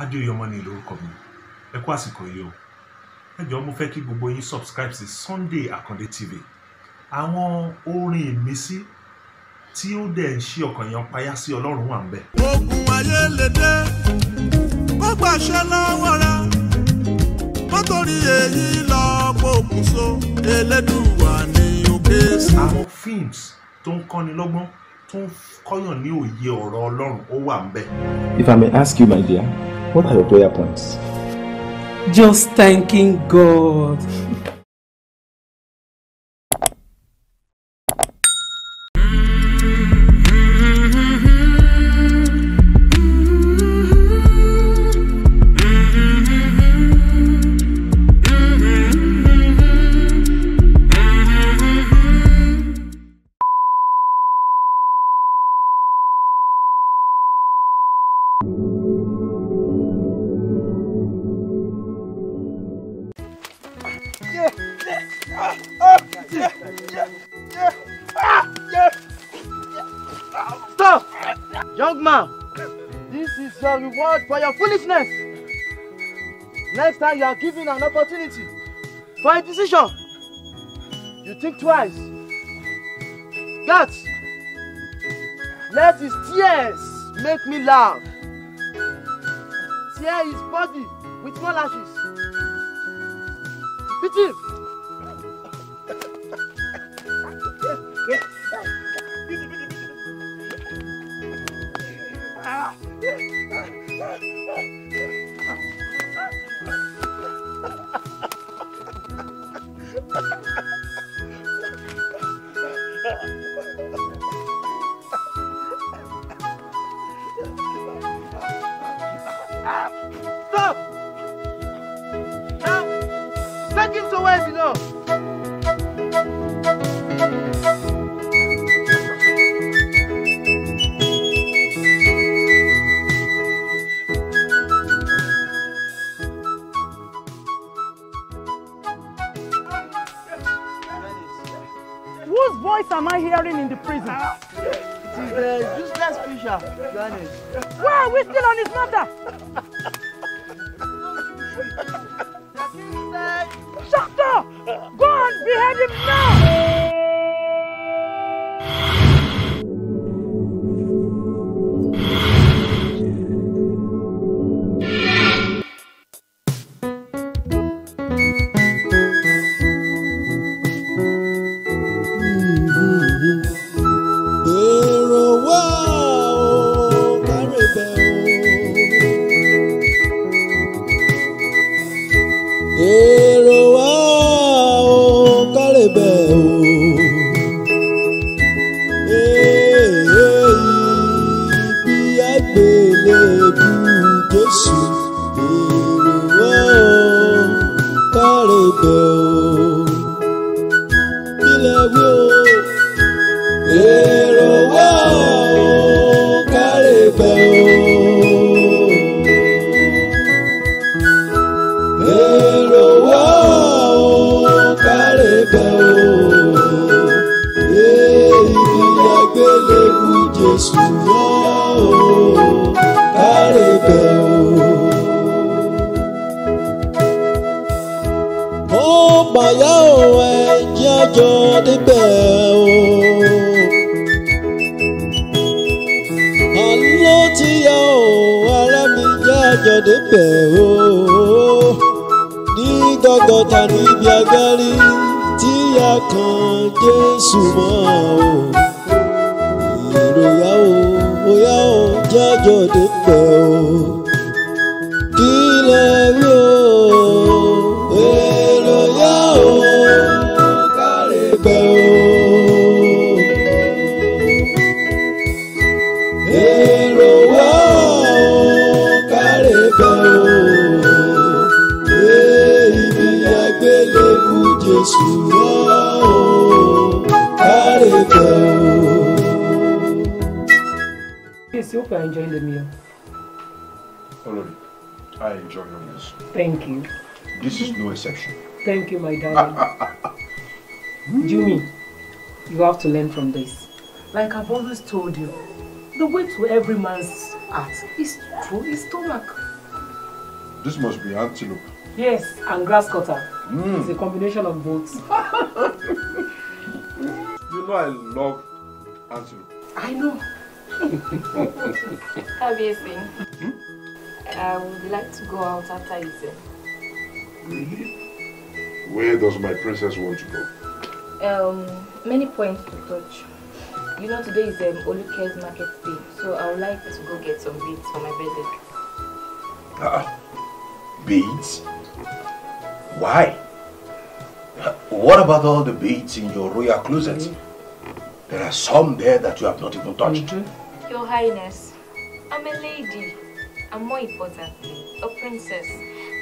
adéyọmọ ni lórúkọ mi ẹ kú àsìkò yìí o ẹ jọ̀ọ́ mo fẹ́ kí gbogbo yín subscribe sí Sunday Akande TV àwọn orin ìmísí tí ó dẹ̀ ń ṣí ọkàn yẹn payá sí ọlọ́run wà ń bẹ̀. ogun ayé lè dé kó gbàṣẹ lọ́wọ́ rẹ kó torí èyí lọ pokùn so elédùnwà ní òkè sí. àwọn films tó ń kọ́ni lọ́gbọ́n tó ń kọ́yàn ní òye ọ̀rọ̀ ọlọ́run ó wà ń bẹ̀. If I may ask you my dear. What are your prayer points? Just thanking God. next time you are given an opportunity for a decision, you think twice. That let his tears make me laugh. Tear his body with more lashes. Pity. Thank you, my darling. Jumi, you have to learn from this. Like I've always told you, the way to every man's heart is through his stomach. This must be antelope. Yes, and grass cutter. Mm. It's a combination of both. you know I love antelope. I know. Obviously. Hmm? I uh, would like to go out after eating. Really? Where does my princess want to go? Um, many points to touch. You know today is um, Oluke's market day, so I would like to go get some beads for my birthday. Ah, uh, beads? Why? What about all the beads in your royal closet? Mm -hmm. There are some there that you have not even touched. Mm -hmm. Your Highness, I'm a lady. I'm more importantly, a princess.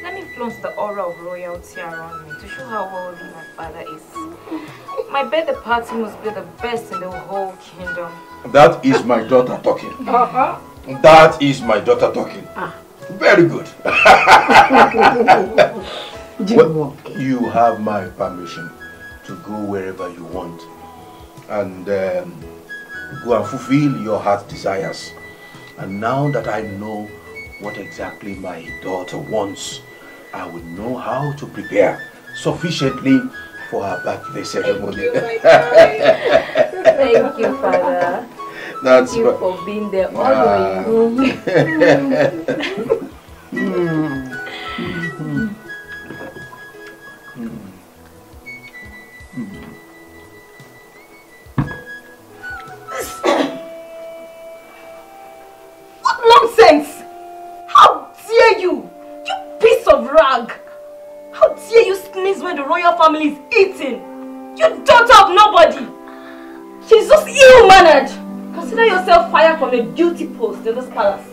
Let me flaunt the aura of royalty around me to show how worthy my father is. My birthday party must be the best in the whole kingdom. That is my daughter talking. Uh -huh. That is my daughter talking. Ah. Very good. well, you have my permission to go wherever you want and um, go and fulfill your heart's desires. And now that I know what exactly my daughter wants, I would know how to prepare sufficiently for her birthday ceremony. Thank you, Thank you Father. That's Thank you for being there all the way. Ah. Hmm. family is eating. You don't have nobody. She's just ill-mannered. Consider yourself fired from the duty post in this palace.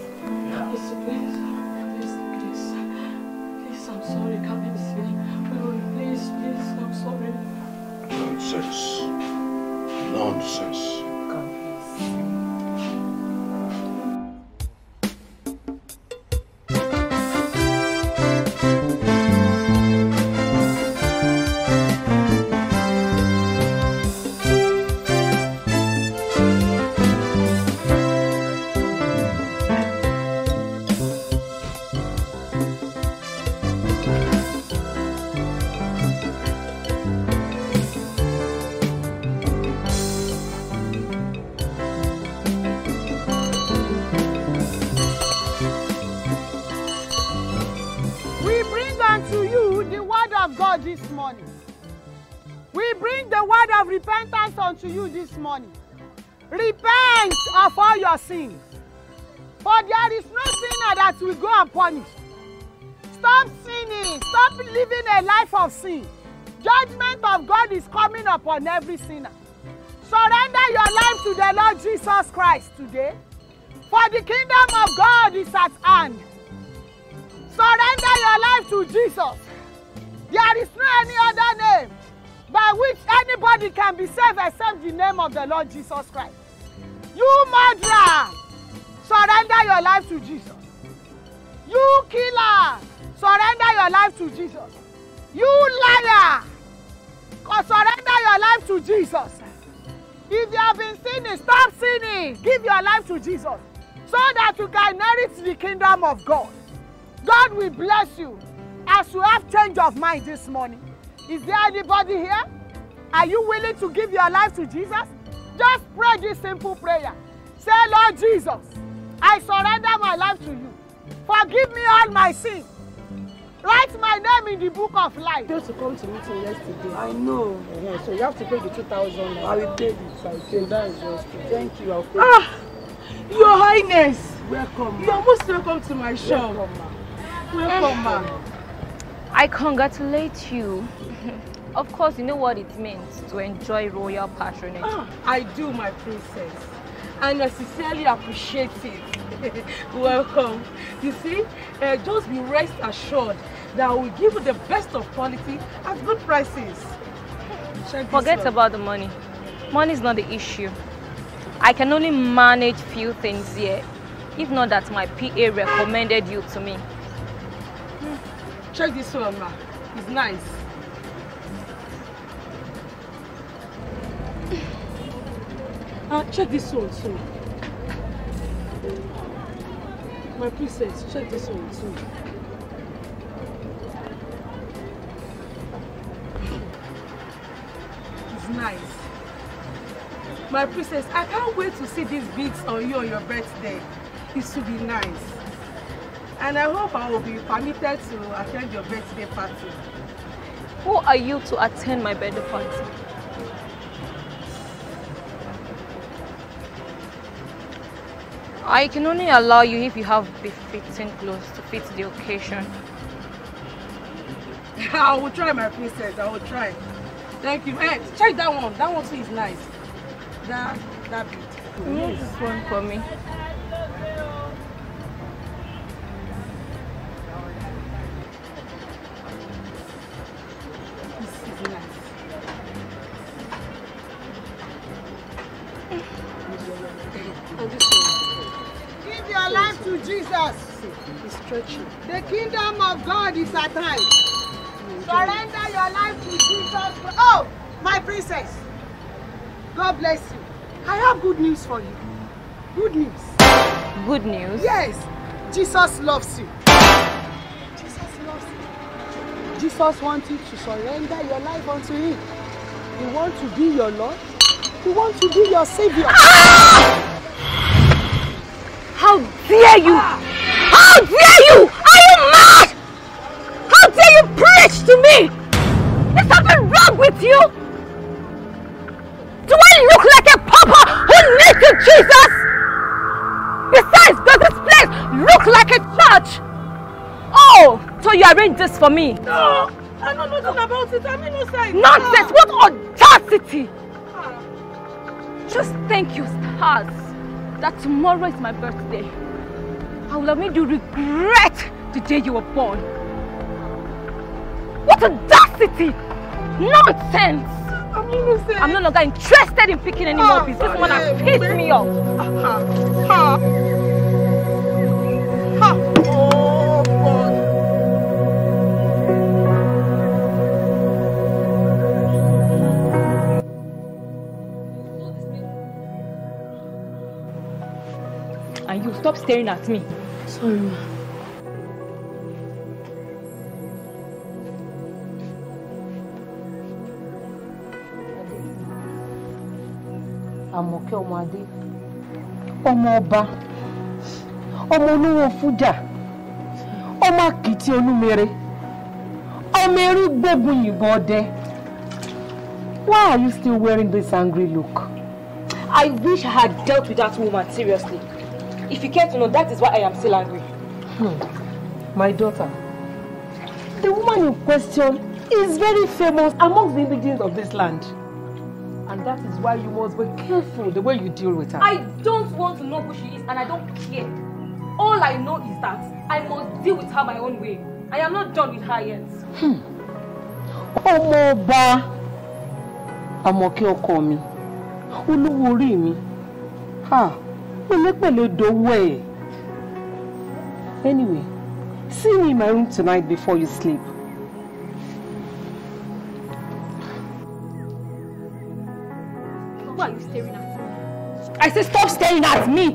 Please, please, please, please, I'm sorry. Come and see oh, Please, please, I'm sorry. Nonsense. Nonsense. to you this morning. Repent of all your sins. For there is no sinner that will go unpunished. Stop sinning. Stop living a life of sin. Judgment of God is coming upon every sinner. Surrender your life to the Lord Jesus Christ today. For the kingdom of God is at hand. Surrender your life to Jesus. There is no any other name by which anybody can be saved except the name of the Lord Jesus Christ. You murderer, surrender your life to Jesus. You killer, surrender your life to Jesus. You liar, surrender your life to Jesus. If you have been sinning, stop sinning. Give your life to Jesus so that you can inherit the kingdom of God. God will bless you as you have change of mind this morning. Is there anybody here? Are you willing to give your life to Jesus? Just pray this simple prayer. Say, Lord Jesus, I surrender my life to you. Forgive me all my sins. Write my name in the book of life. You to come to meeting yesterday. I know. Yeah, uh-huh, so you have to pay the 2000 I will pay this. I will pay that just. Thank you. I'll pay ah, Your Highness. Welcome. You're most welcome to my show. Welcome, ma. Welcome, ma. Ah. I congratulate you. Of course, you know what it means to enjoy royal patronage. Oh, I do, my princess. And I sincerely appreciate it. Welcome. You see, uh, just be rest assured that we give you the best of quality at good prices. Check Forget about the money. Money is not the issue. I can only manage few things here, if not that my PA recommended you to me. Check this one, ma. It's nice. Uh, check this one too. My princess, check this one too. It's nice. My princess, I can't wait to see these beads on you on your birthday. It should be nice. And I hope I will be permitted to attend your birthday party. Who are you to attend my birthday party? I can only allow you if you have fitting clothes to fit the occasion. I will try, my princess. I will try. Thank you. Hey, check that one. That one too is nice. That that bit. Cool. this one for me. The kingdom of God is at hand. Surrender your life to Jesus. Oh, my princess. God bless you. I have good news for you. Good news. Good news? Yes. Jesus loves you. Jesus loves you. Jesus wants you to surrender your life unto him. He wants to be your Lord. He wants to be your Savior. Ah! How dare you! How dare you! Are you mad? How dare you preach to me? Is something wrong with you? Do I look like a papa who needs to Jesus? Besides, does this place look like a church? Oh, so you arranged this for me? No, I know nothing about it. I'm innocent. Nonsense! What audacity! Ah. Just thank your stars that tomorrow is my birthday. I will have made you regret the day you were born. What audacity! Nonsense! I'm innocent. I'm no longer interested in picking any more ah, bees. This one has pissed me off. Ah, ah, ha ha! Ha! Oh. Stop staring at me. Sorry, ma. Àmọ̀kẹ́ ọmọ Adé, ọmọ ọba, ọmọ olówó Fújà, ọmọ àkìtì olúmere, ọmọ eré gbógun yìnbọn ọdẹ. Why are you still wearing this angry look? I wish I had dealt with that woman seriously. If you care to know, that is why I am still angry. Hmm. My daughter, the woman in question is very famous amongst the indigents of this land. And that is why you must be careful the way you deal with her. I don't want to know who she is and I don't care. All I know is that I must deal with her my own way. I am not done with her yet. Hmm. Ọmọọba Àmọ̀kẹ́ ọkọ mi, olówó orí mi, ha. Huh pẹ̀lẹ́pẹ̀lẹ́ dowó ẹ̀. Anyway, see me in my room tonight before you sleep. What are you staring at? I said stop staring at me!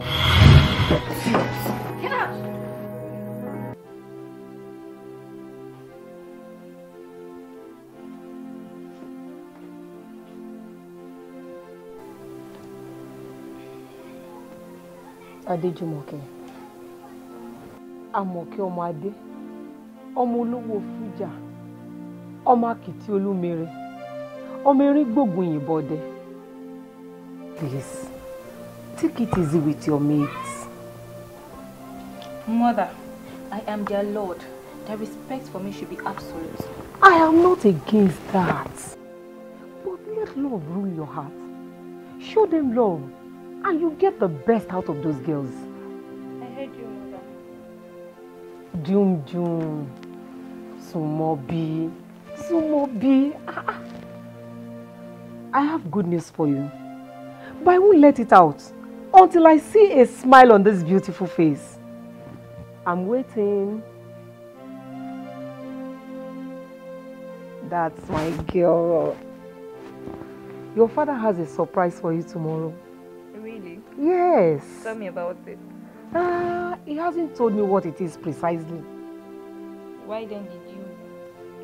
adéjùmọ̀kẹ́ amọ̀kẹ́ ọmọ adé ọmọ olówó fújà ọmọ akìtì olúmere ọmọ eré gbòògùn yìnbọn ọdẹ please take it easy with your mates. mother i am their lord their respect for me should be absolute. i am not against that but let love rule your heart show them love And you get the best out of those girls. I heard you, mother. Doom, doom. Sumobi. Sumobi. Ah, ah. I have good news for you. But I won't let it out until I see a smile on this beautiful face. I'm waiting. That's my girl. Your father has a surprise for you tomorrow. Yes. Tell me about it. Uh, ah, he hasn't told me what it is precisely. Why then did you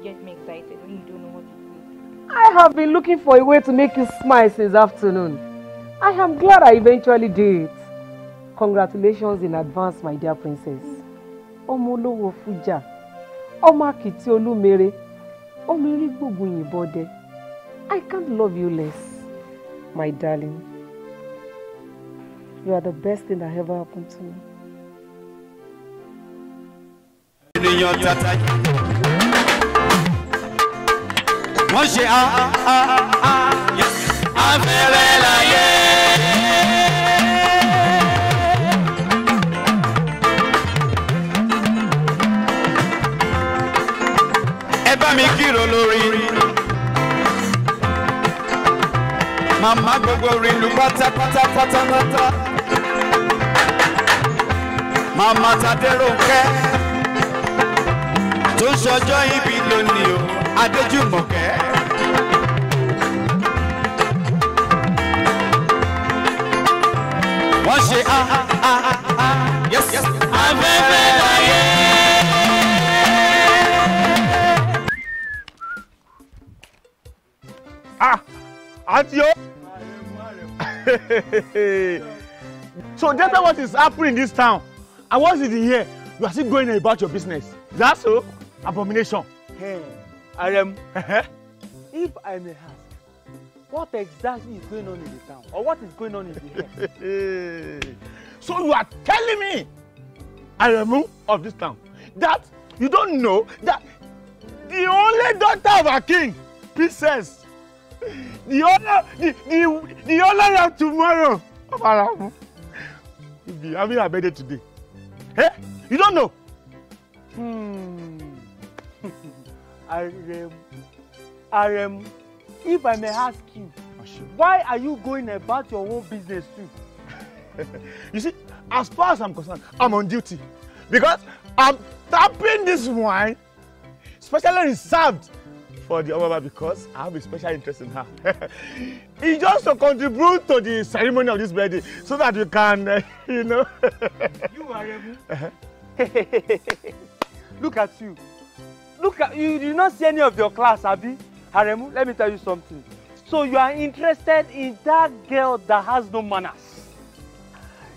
get me excited when you don't know what it is? I have been looking for a way to make you smile since afternoon. I am glad I eventually did. Congratulations in advance, my dear princess. Ọmọ olówó fújà, ọmọ akìtì olúmere, ọmọ eré I can't love you less, my darling. You are the best thing that ever happened to me. ènìyàn tata wọ́n ṣe a a a màmá Tadérónkẹ́ tó ń ṣọjọ́ ìbí lónìí o Adéjùmọ̀kẹ́. wọ́n ṣe á á á yes afẹ́fẹ́ láyé. àti ó. So that's what is happening in this town. And once it's in here, you are still going about your business. Is that so? Abomination. Hey, I am. If I may ask, what exactly is going on in the town? Or what is going on in the house? So you are telling me, I am of this town, that you don't know that the only daughter of a king, princess, the honor, the, the, the honor of tomorrow of Aremu, will be having a birthday today. Eh? You don't know? Hmm. Aremu, Aremu, if I may ask you, why are you going about your own business too? you see, as far as I'm concerned, I'm on duty because I'm tapping this wine specially reserved for the Omaba because I have a special interest in her. it's just to contribute to the ceremony of this wedding so that you can, uh, you know. you are a uh -huh. Look at you. Look at you. Do not see any of your class, Abi? Haremu, let me tell you something. So you are interested in that girl that has no manners.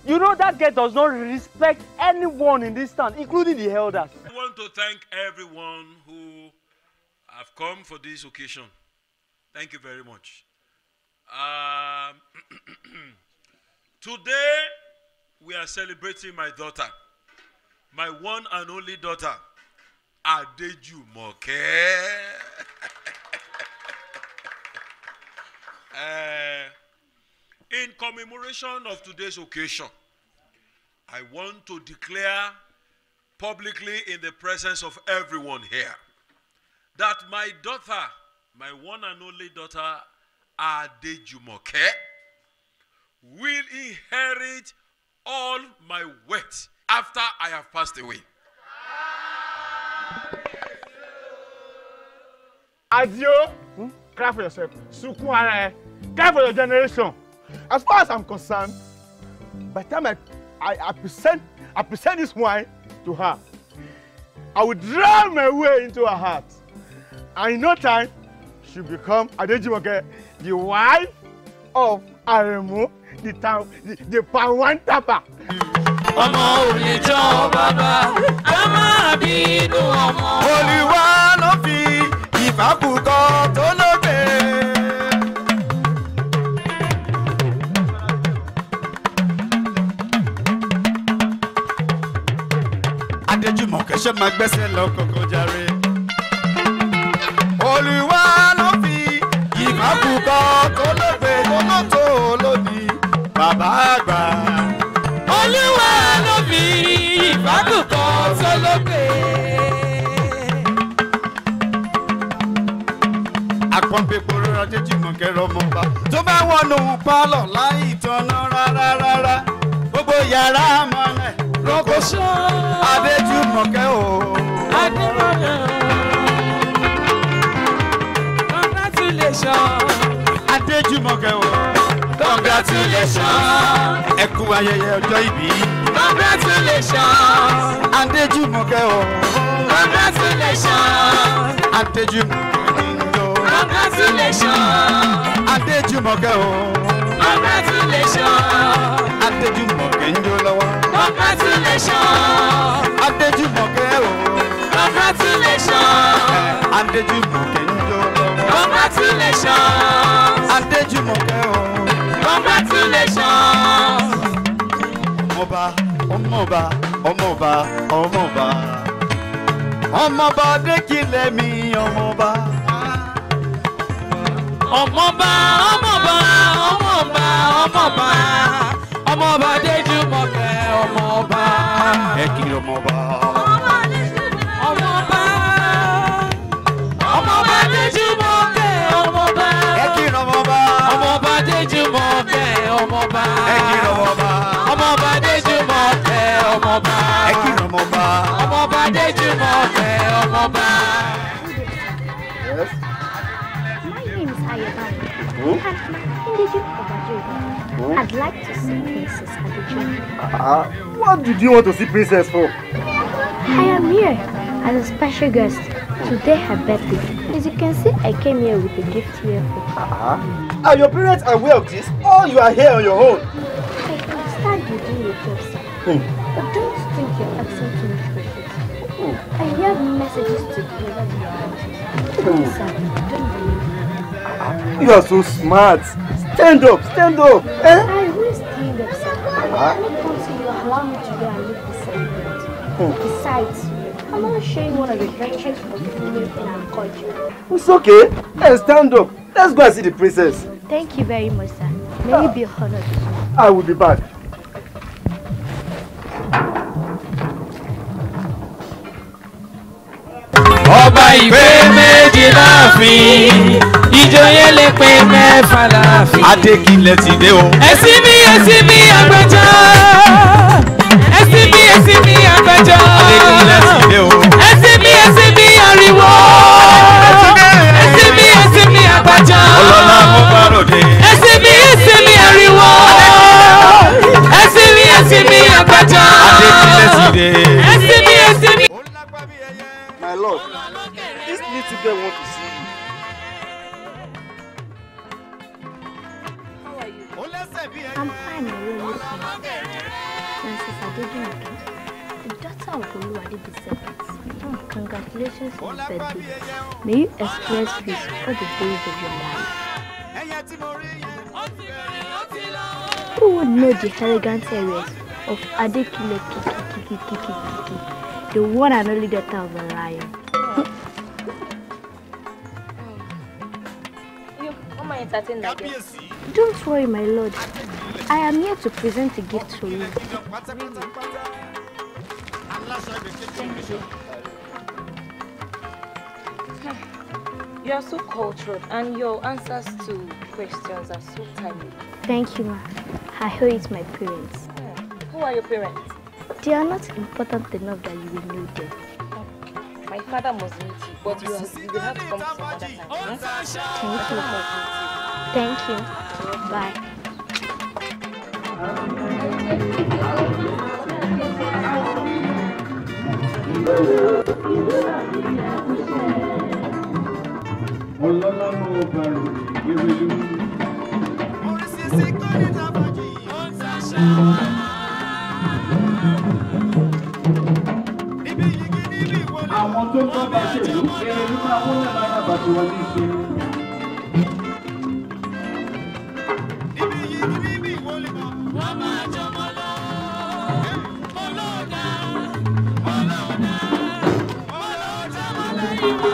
You know that girl does not respect anyone in this town, including the elders. I want to thank everyone who I've come for this occasion. Thank you very much. Um, today, we are celebrating my daughter, my one and only daughter, Adejumoke. uh, in commemoration of today's occasion, I want to declare publicly in the presence of everyone here that my daughter, my one and only daughter, Adejumoke, will inherit all my wealth after I have passed away. Adio, hmm? cry for yourself. Sukun Cry for your generation. As far as I'm concerned, by the time I, I, I present I present this wine to her, I will drown my way into her heart. And in no time, she become Adejumoke, the wife of Aremu, the town, the, the Pawan Tapa. Ọmọ òrìjọ́ bàbá, a máa bínú ọmọ. Olúwa ló fi ìfàbùkọ tó lóbe. Adéjùmọ̀kẹ́ ṣe máa gbẹ́sẹ̀ lọ kọ́kọ́ jàre olùwà ló fi ìfàkùkọ tó lóde tó lóto lódì bàbá àgbà. olùwà ló fi ìfàkùkọ tó lóde. àpọ̀npẹ̀ kúrò rajé jìmọ̀ kẹrọ ọmọ ọba tó bá wọnú pálọ̀ láì tanná rárá rárá gbogbo yàrá mọ́lẹ̀ lóko sọ. adéjúmọ̀kẹ́ o. adémọ̀lẹ́ congratulations. Adéjùmọ̀kẹ́ o. congratulations. ẹ kú ayẹyẹ ọjọ́ ìbí. congratulations. Adéjùmọ̀kẹ́ o. congratulations. Adéjùmọ̀kẹ́ o. congratulations. Adéjùmọ̀kẹ́ o. congratulations. Adéjùmọ̀kẹ́ ń congratulations. Adéjùmọ̀kẹ́ o. congratulations. Adéjùmọ̀kẹ́ ń Congratulations. Adéjùmọ̀kẹ́ o. Congratulations. Ọmọọba ọmọọba ọmọọba ọmọọba. Ọmọọba Adékìlẹ́mí ọmọọba. Ọmọọba ọmọọba ọmọọba ọmọọba. Ọmọọba Adéjùmọ̀kẹ́ ọmọọba. Ẹ kiri ọmọọba. I'd like to see Princess Adija. Uh, what did you want to see Princess for? I am here as a special guest. Today her birthday. As you can see, I came here with a gift here for her. Uh -huh. Are your parents aware of this? Or you are here on your own? I understand you do it yourself. Hmm. But don't think you're absent too much precious. I have messages to deliver hmm. Don't believe me. You are so smart. Stand up, stand up. Eh? I will stand up, sir. Ah? When it comes to you, allow me to go and live the same Hmm. Besides, I'm want sharing one of the treasures richest food in our culture. It's okay. Hey, stand up. Let's go and see the princess. Thank you very much, sir. May you be honored. Ah, I will be back. ọba ìpè méjì láàfin ìjòyè lè pé mẹ́fà láàfin. adékìlẹ̀ ti dé o. ẹ̀sìn mi ẹ̀sìn mi àgbẹjọ́ ẹ̀sìn mi ẹ̀sìn mi àgbẹjọ́ adékìlẹ̀ ti dé o. ẹ̀sìn mi ẹ̀sìn mi ariwo ẹ̀sìn mi ẹ̀sìn mi àgbẹjọ́ ọlọ́lá mo gbọ́dọ̀ dé. ẹ̀sìn mi ẹ̀sìn mi ariwo ẹ̀sìn mi ẹ̀sìn mi àgbẹjọ́ adékìlẹ̀ ti dé. ẹ̀sìn mi ẹ̀sìn mi. Ankolu Adibisek. Congratulations on your birthday. May you express peace for the days of your life. Who would know the elegant areas of Adekile Kiki Kiki Kiki Kiki, the one and only daughter of a lion? Don't worry, my lord. I am here to present a gift to you. You are so cultured and your answers to questions are so timely. Thank you, ma. I owe it my parents. Yeah. Who are your parents? They are not important enough that you will know them. My father must meet you, but you have, you have to come some other time. Thank you. Thank you. Bye. ọlọ́lọ́mọ bàrò ìrèlú. oríṣiríṣi kọ́ńtà fàájì ó ń ṣàṣà wá. níbi yìí níbi bá bá ṣèlú eré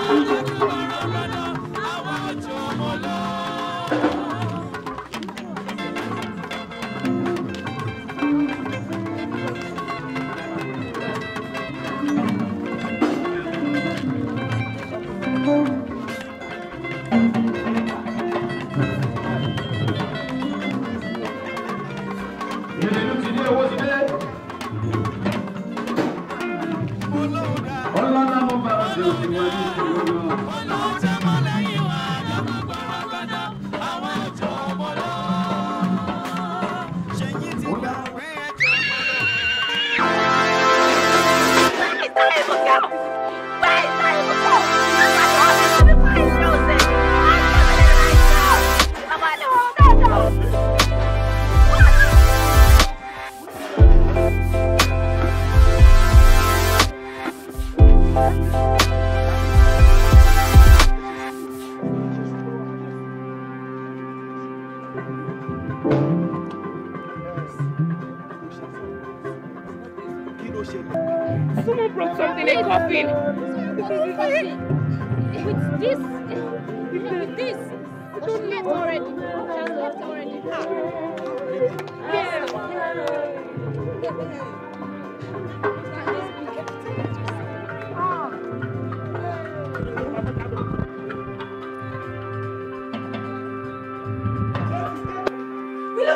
Thank you. Hola.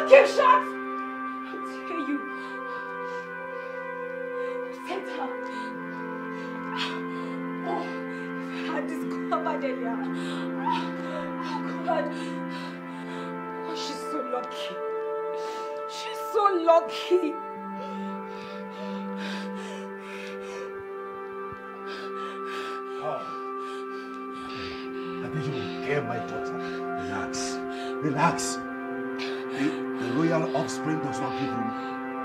took your shots! How dare you! Sit Oh, if I had discovered earlier. Oh, God. Oh, she's so lucky. She's so lucky. Oh. I bet you care, my daughter. Relax. Relax. Your spring does not give room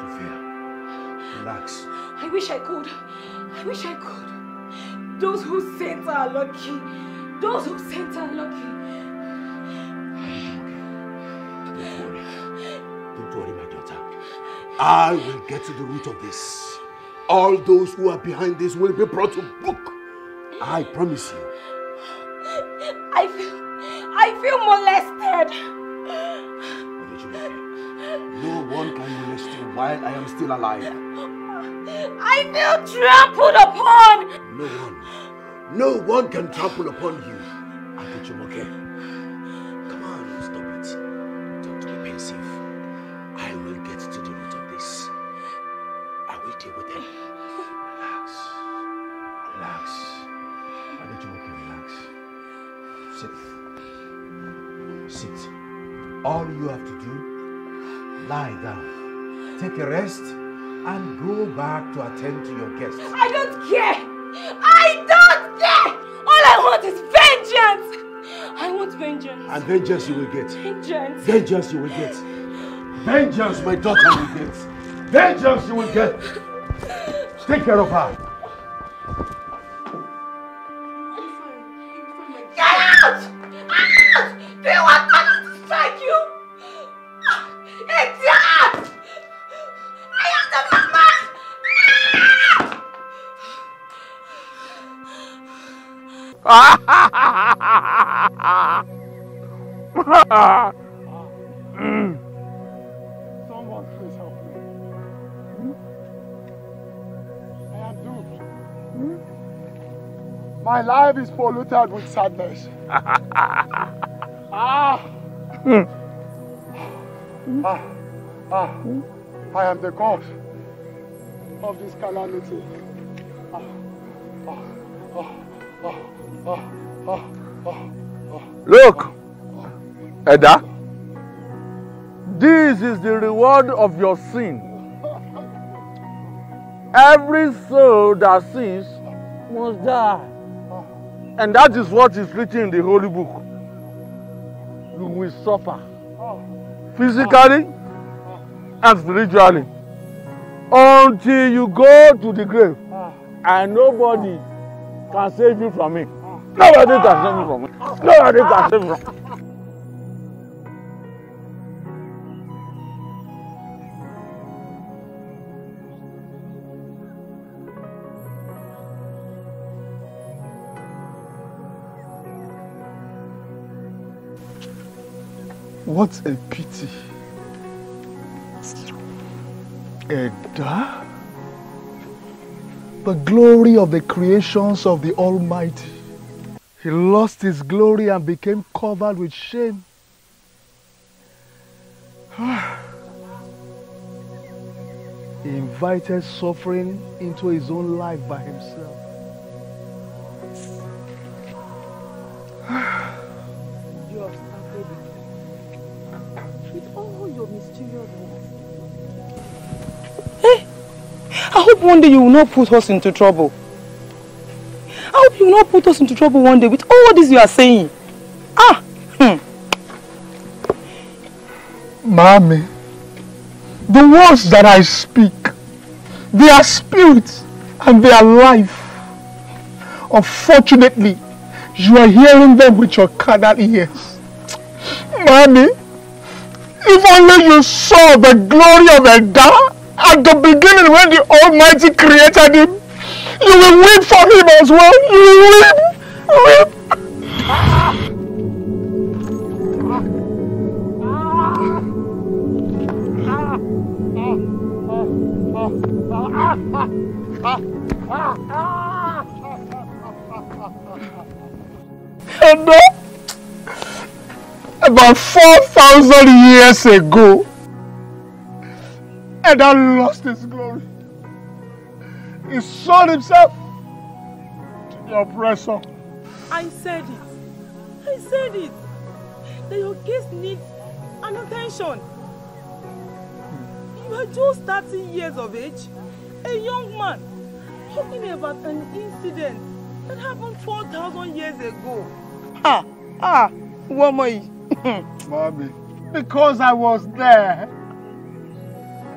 to fear. Relax. I wish I could. I wish I could. Those who sent are lucky. Those who sent are lucky. I will get to the root of this. All those who are behind this will be brought to book. I promise you. still alive. I feel trampled upon! No one, no one can trample upon you, Akichumoke. Come on, stop it. Don't be pensive. I will get to the root of this. I will deal with them. Relax. Relax. Akichumoke, relax. Sit. Sit. All you have to do, lie down. Take a rest and go back to attend to your guests. I don't care! I don't care! All I want is vengeance! I want vengeance. And vengeance you will get. Vengeance. Vengeance you will get. Vengeance my daughter will get. Vengeance you will get. Take care of her. my life is polluted with sadness. ah. Hmm. ah. Ah. I am the cause of this calamity. Ah. Ah. Ah. ah. Look, Eda, this is the reward of your sin. Every soul that sins must die. And that is what is written in the Holy Book. You will suffer physically and spiritually until you go to the grave and nobody can save you from me. Nobody can save you from me. Nobody can save you from me. What a pity. Edda? The glory of the creations of the Almighty. He lost his glory and became covered with shame. he invited suffering into his own life by himself. one day you will not put us into trouble. I hope you will not put us into trouble one day with all this you are saying. Ah! Hmm. Mommy, the words that I speak, they are spirit and they are life. Unfortunately, you are hearing them with your carnal ears. Mommy, if only you saw the glory of God. At the beginning, when the Almighty created him, you will weep for him as well. You will weep. Weep. And uh, about 4,000 years ago, and that lost his glory. He sold himself to the oppressor. I said it. I said it. That your case needs an attention. You are just 30 years of age, a young man, talking about an incident that happened 4,000 years ago. Ah, ah, what Mommy, because I was there.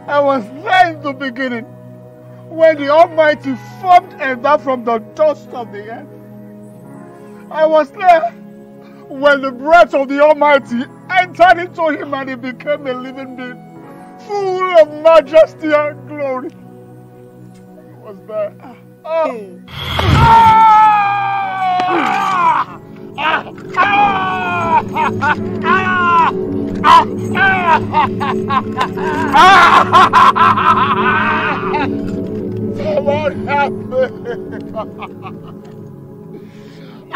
I was there in the beginning when the Almighty formed Adam from the dust of the earth. I was there when the breath of the Almighty entered into him and he became a living being, full of majesty and glory. I was there. Ah. Ah. Ah. ah. ah that won't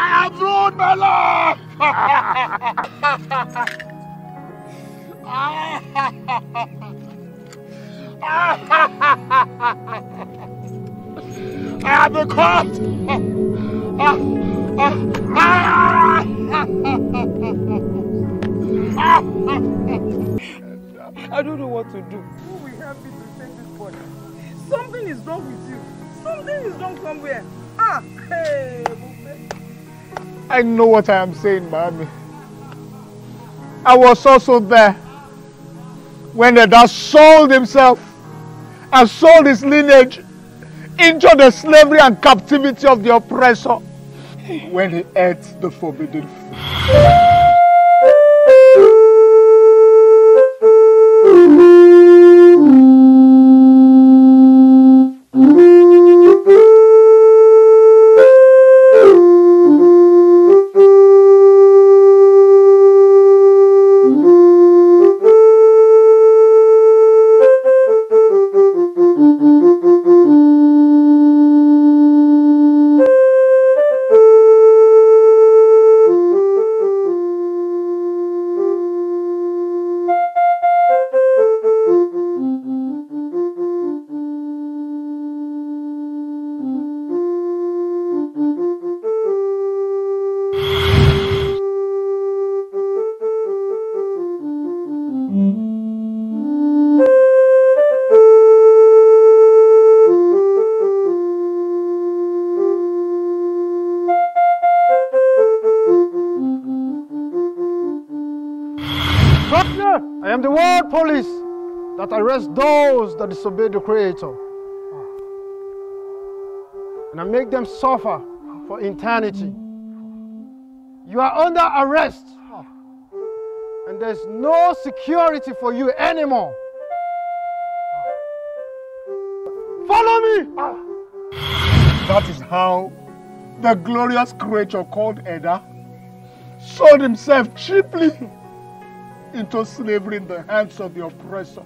I have ruined my life. I have been caught. I don't know what to do. Who will help me to take this body? Something is wrong with you. Something is wrong somewhere. Ah, hey, I know what I am saying, Mommy. I was also there when the dad sold himself and sold his lineage into the slavery and captivity of the oppressor when he ate the forbidden food. arrest those that disobey the Creator. And I make them suffer for eternity. You are under arrest. And there's no security for you anymore. Follow me! That is how the glorious creature called Edda sold himself cheaply into slavery in the hands of the oppressor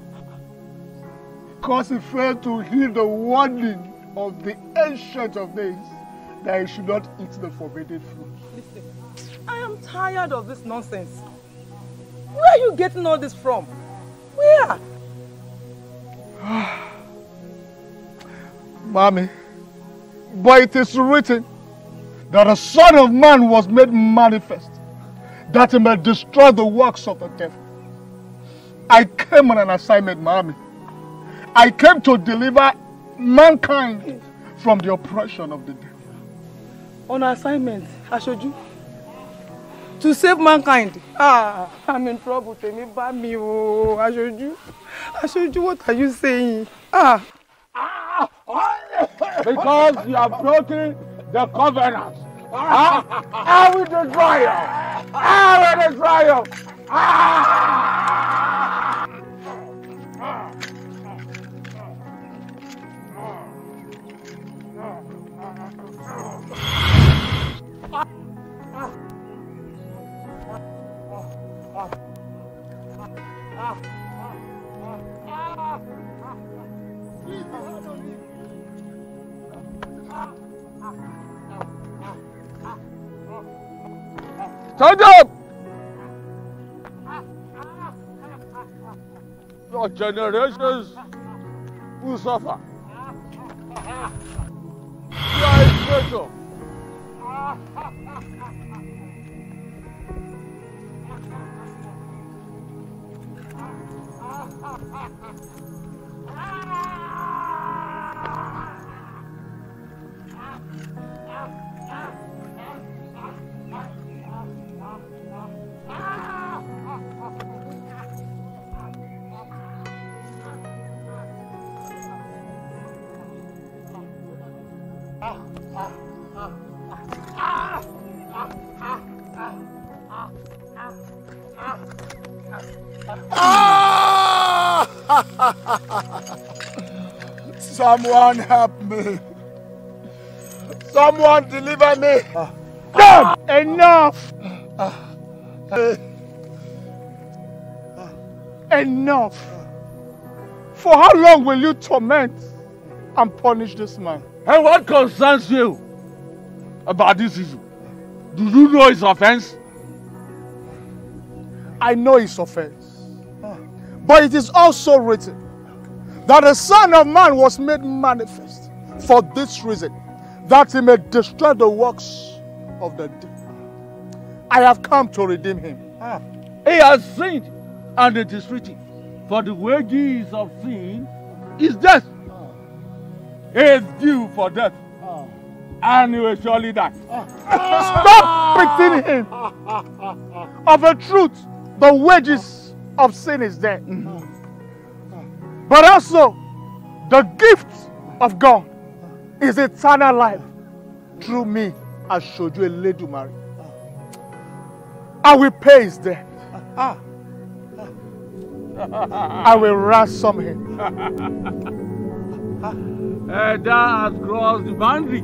because he failed to heed the warning of the ancient of days that he should not eat the forbidden fruit. Listen, I am tired of this nonsense. Where are you getting all this from? Where? Mommy, but it is written that the Son of Man was made manifest, that he might destroy the works of the devil. I came on an assignment, Mommy. I came to deliver mankind from the oppression of the devil. On assignment, aṣojú, to save mankind. Ah, I'm in trouble. Tèmi bá mi o, aṣojú. Aṣojú, what are you saying? Ah. Because you have broken the covenant. Ah, I will destroy you. I will destroy you. Ah! Stand up! Your generations will suffer. You are a traitor. Ah! Someone help me. Someone deliver me. God, enough. Enough. For how long will you torment and punish this man? And what concerns you about this issue? Do you know his offense? I know his offense. But it is also written that the Son of Man was made manifest for this reason, that he may destroy the works of the devil. I have come to redeem him. Ah. He has sinned, and it is written, for the wages of sin is death. Ah. He is due for death, ah. and he will surely die. Ah. Stop pitying him. of a truth, the wages of sin is death. Mm. But also, the gift of God is eternal life through me, I you a Aṣojú Mary. I will pay his debt. I will ransom him. Eh, that has crossed the boundary.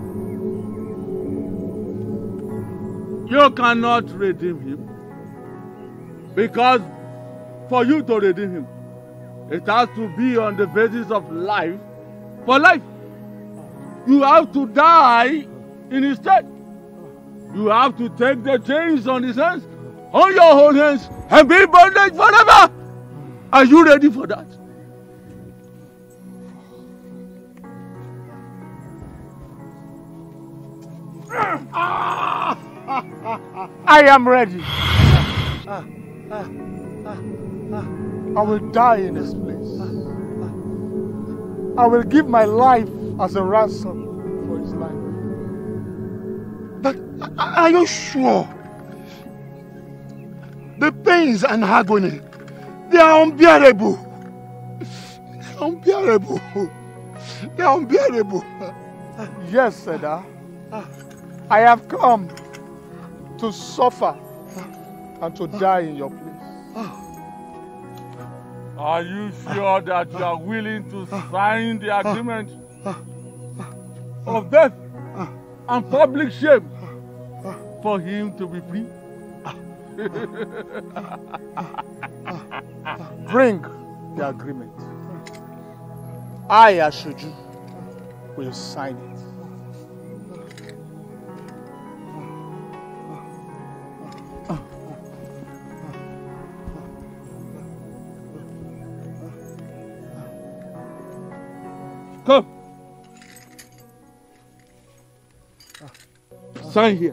You cannot redeem him because for you to redeem him, It has to be on the basis of life for life. You have to die in his stead. You have to take the chains on his hands, on your own hands, and be bondage forever. Are you ready for that? I am ready. Ah, ah. ah. I will die in this place. I will give my life as a ransom for his life. But are you sure? The pains and agony, they are unbearable. They are unbearable. They are unbearable. Yes, Seda. I have come to suffer and to die in your Are you sure that you are willing to sign the agreement of death and public shame for him to be free? Bring the agreement. I, Aṣojú, will sign it. Come. Sign here.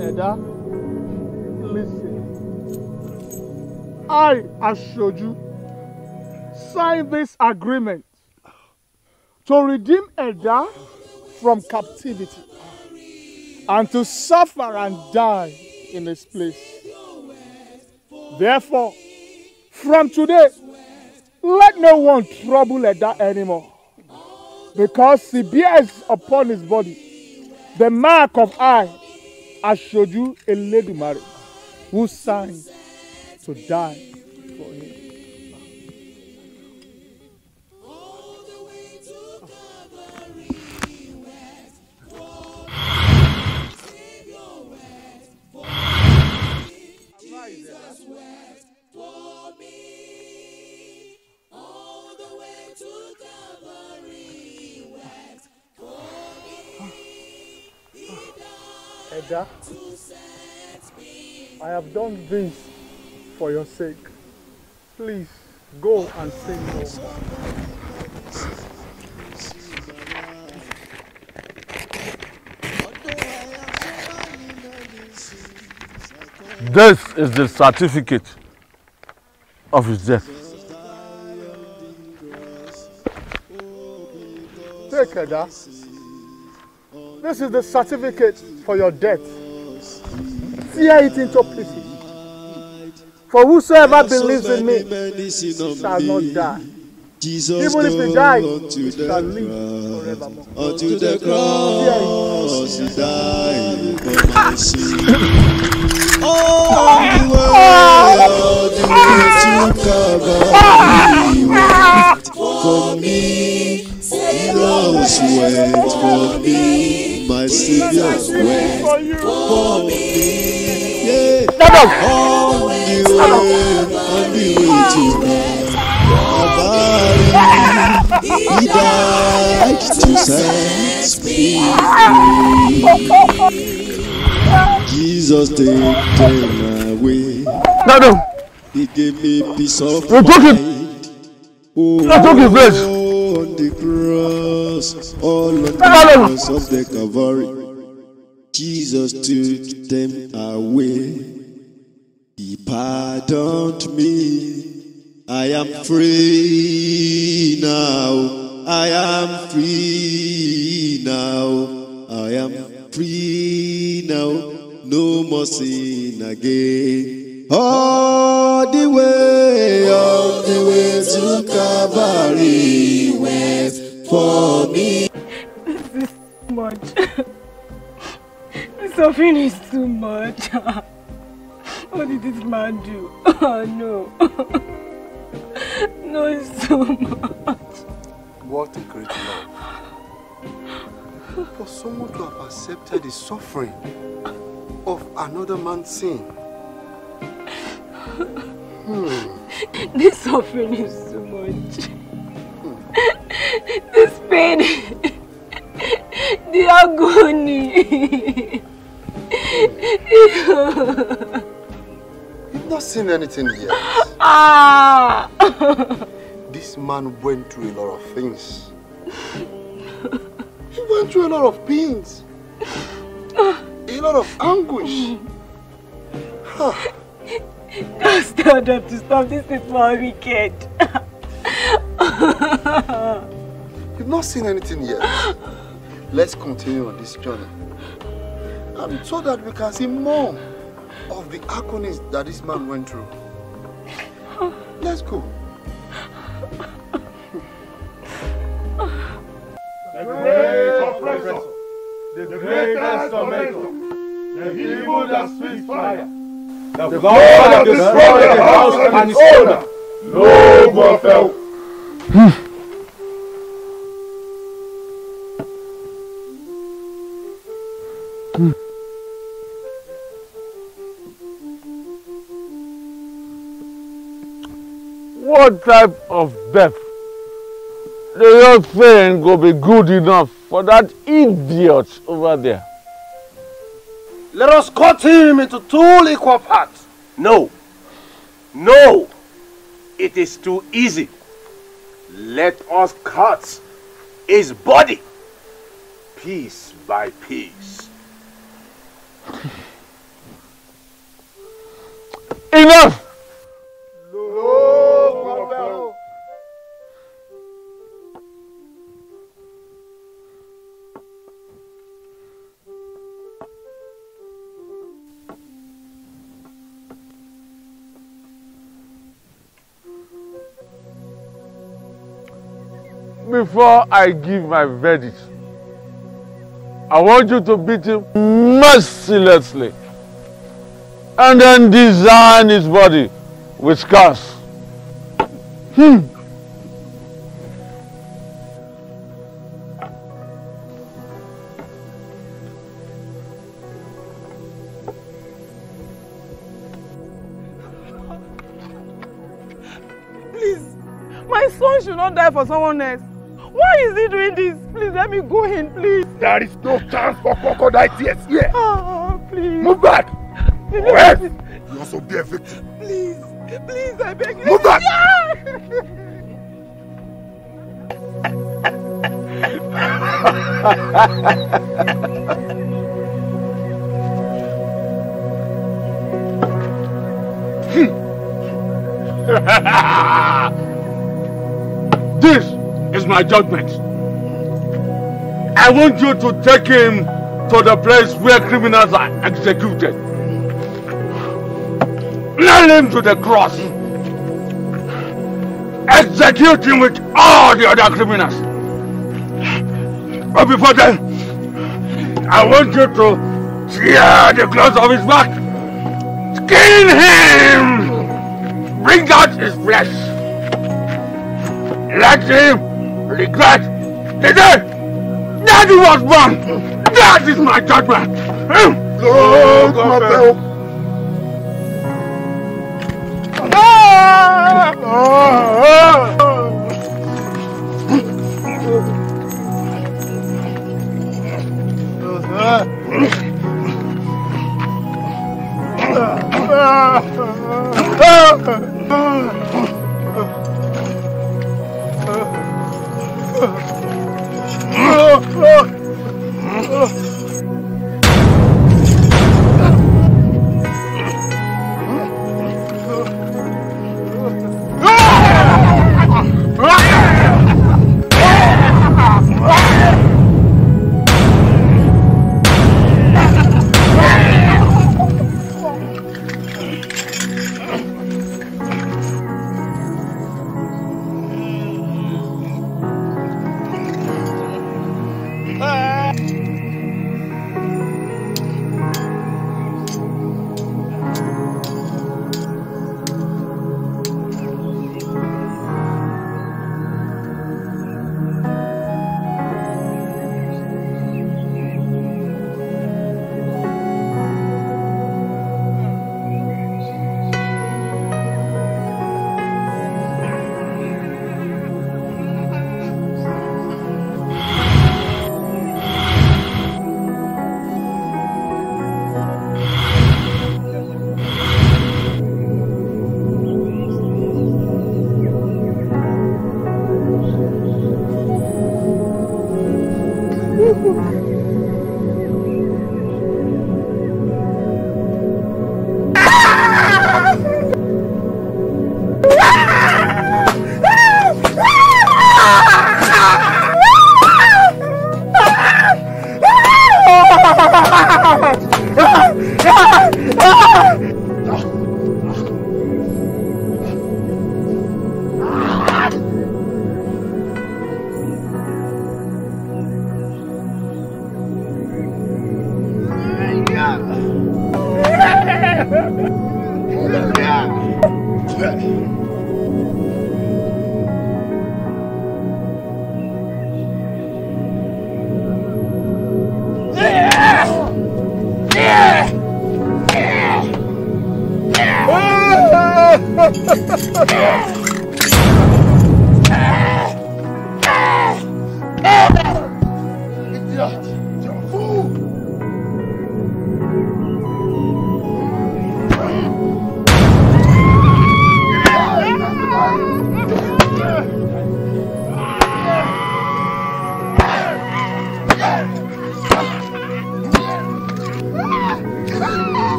Ẹ̀dá, listen. I, you, sign this agreement to redeem Ẹ̀dá from captivity. and to suffer and die in this place. Therefore, from today, let no one trouble Edda anymore, because he bears upon his body the mark of I, as showed you a lady Eledumare, who signed to die for him. Father, I have done this for your sake. Please go and say no This is the certificate of his death. Take that. This is the certificate for your death. Tear it into pieces. For whosoever believes in me shall not die. Jesus Even if they die, unto the shall live forevermore. Unto the cross he died for my ah! sin. Oh, the ah! world you took away for me. For me, he loves wait for me. my Savior's way for me. Stand up. On the way, on the way to Calvary, He died to set me free. Jesus take my way. No, no. He gave me peace of mind. Revoke it. Revoke it, please. on the cross, all on the cross of the Calvary. Jesus took them away. He pardoned me. I am free now. I am free now. I am free now. No more sin again. All the way, all the way to Calvary for me. This is too much. this offering is too much. what did this man do? Oh no. no, it's too much. What a great love. For someone to have accepted the suffering of another man's sin. Hmm. This suffering is too much. This pain. The agony. You've not seen anything yet. Ah. This man went through a lot of things. He went through a lot of pains. A lot of anguish. Huh. Just stand up to stop this before we wicked. You've not seen anything yet. Let's continue on this journey. And so that we can see more of the agonies that this man went through. Let's go. The great oppressor, the greatest tormentor, the evil that speaks fire, the, the God that destroyed the house and its owner, no more felt. Hmm. What type of death do you think will be good enough for that idiot over there? Let us cut him into two equal parts. No. No. It is too easy. Let us cut his body piece by piece. enough. Before I give my verdict, I want you to beat him mercilessly and then design his body with scars. Hmm. Please, my son should not die for someone else. Why is he doing this? Please let me go in, please. There is no chance for crocodile tears here. Oh, please. Move back. Please. Or else you also be a victim. Please, please, I beg you. Move back. this is my judgment. I want you to take him to the place where criminals are executed. Nail him to the cross. Execute him with all the other criminals. But before then, I want you to tear the clothes off his back. Skin him! Bring out his flesh. Let him regret. They say, that was wrong. That is my judgment. Go, go, go. Ah! Ah! Ah! Oh, oh, oh.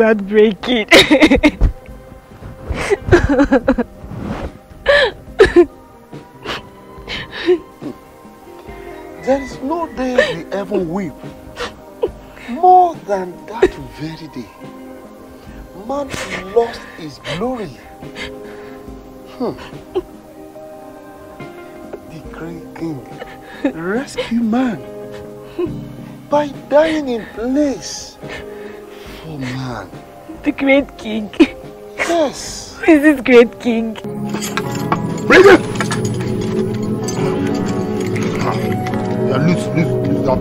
it? there is no day we ever weep more than that very day. Man lost his glory. Hmm. The great king rescued man by dying in place the great king. Yes. Who is this great king? Bring it! Yeah, loose, loose, loose that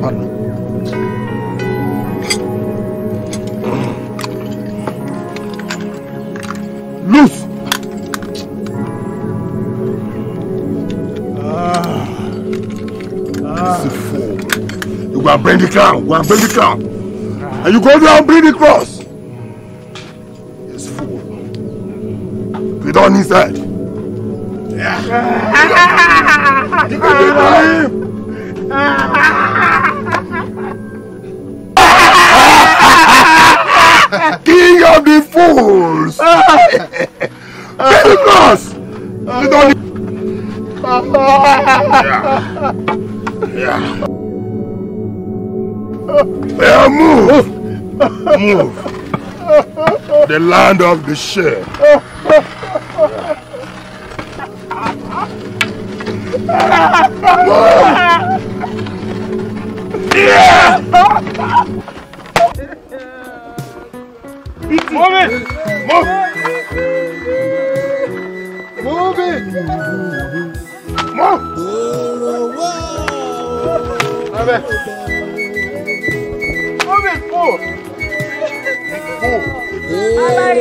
partner. Loose! Ah. You go and bring the crown. Go and bring the crown. And you go down and bring the cross. on his head. Yeah. King of the fools! Get the don't yeah. yeah. Yeah, move! Move! The land of the shade. Move! Move! Move! Move! Move ver. Move, Move! Move!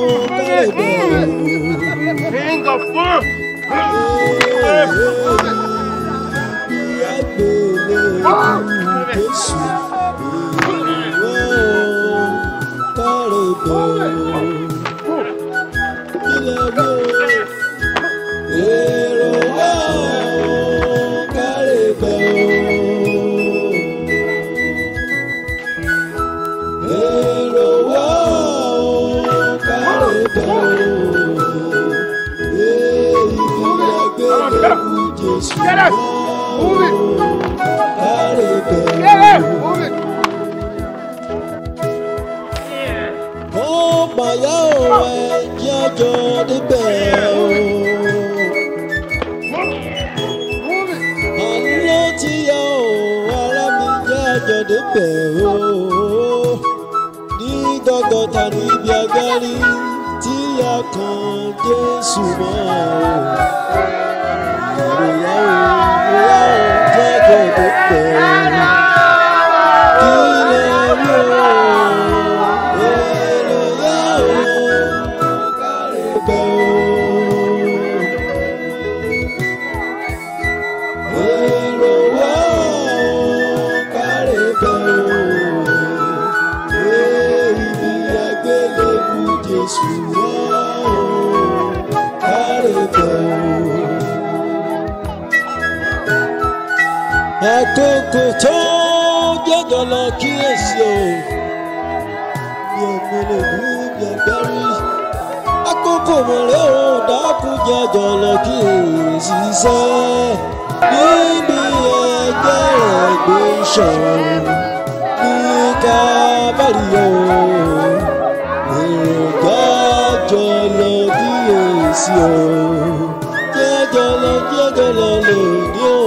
Move! sweet. jọ débẹ̀ o. àlọ́ ti yá o ara mi jẹ́ àjọ débẹ̀ o. ní gọ́gọ́ta níbi agbárí tí a kàn Jésù mọ́ o. ìròyìn o o jẹ́ àjọ débẹ̀ o. òmùrẹ́ òun dákun jẹjọ lọ kí èrè ṣiṣẹ́ níbi ẹgbẹ́ ẹgbẹ́ ìṣòro ní kábàárì o èrè jẹjọ lọ kí èsì o jẹjọ lọ jẹjọ lọ lòdì o.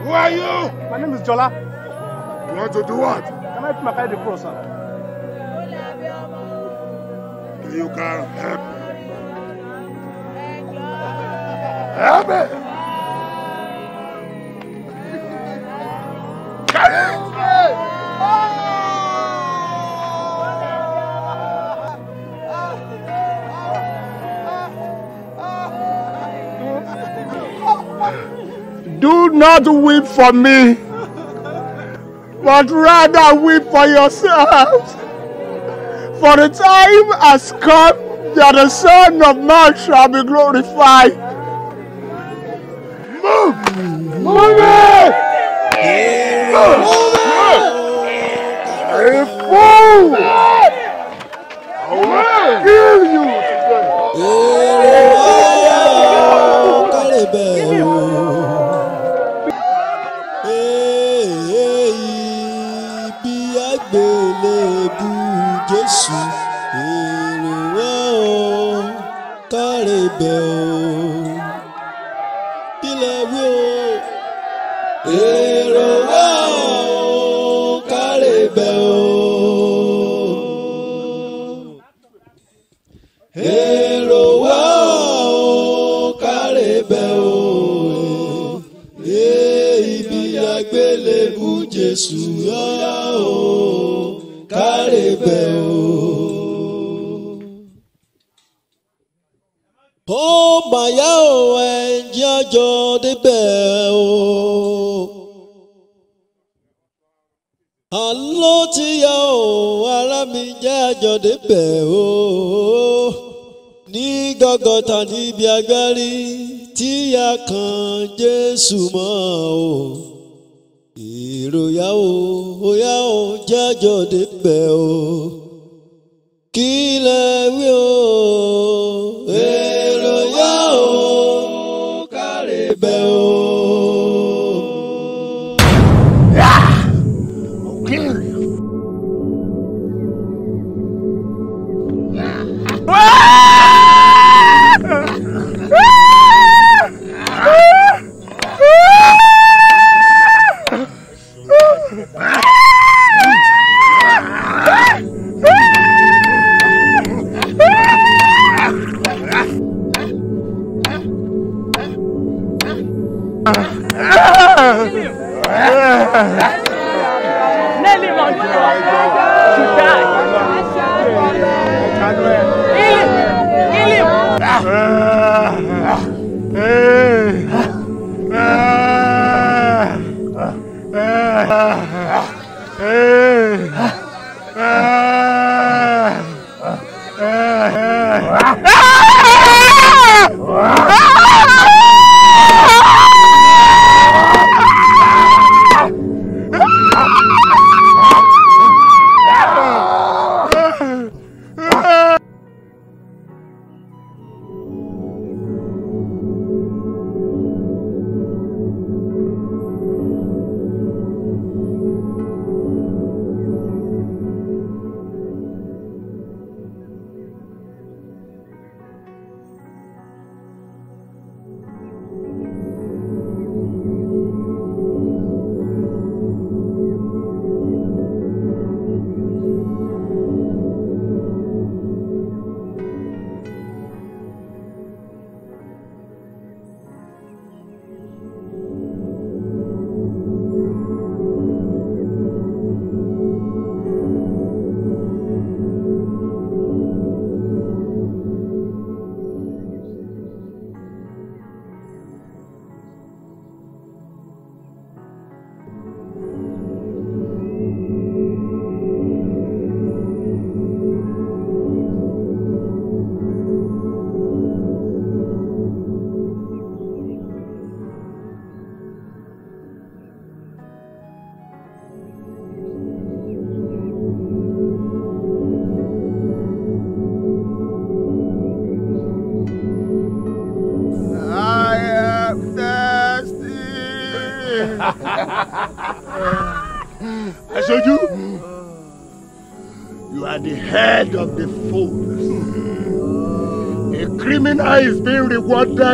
Who are you? My name is Jola. You want to do what? Can I put my car in the cross, You can help me. Help me! not weep for me, but rather weep for yourselves. For the time has come that the Son of Man shall be glorified.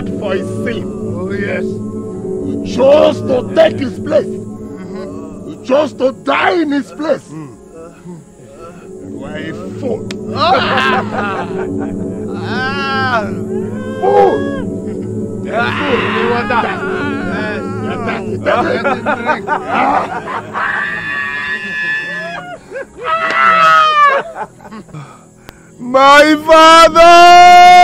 for his sin. Oh, yes. You chose to take his place. You chose to die in his place. Why are fool. Fool! My father!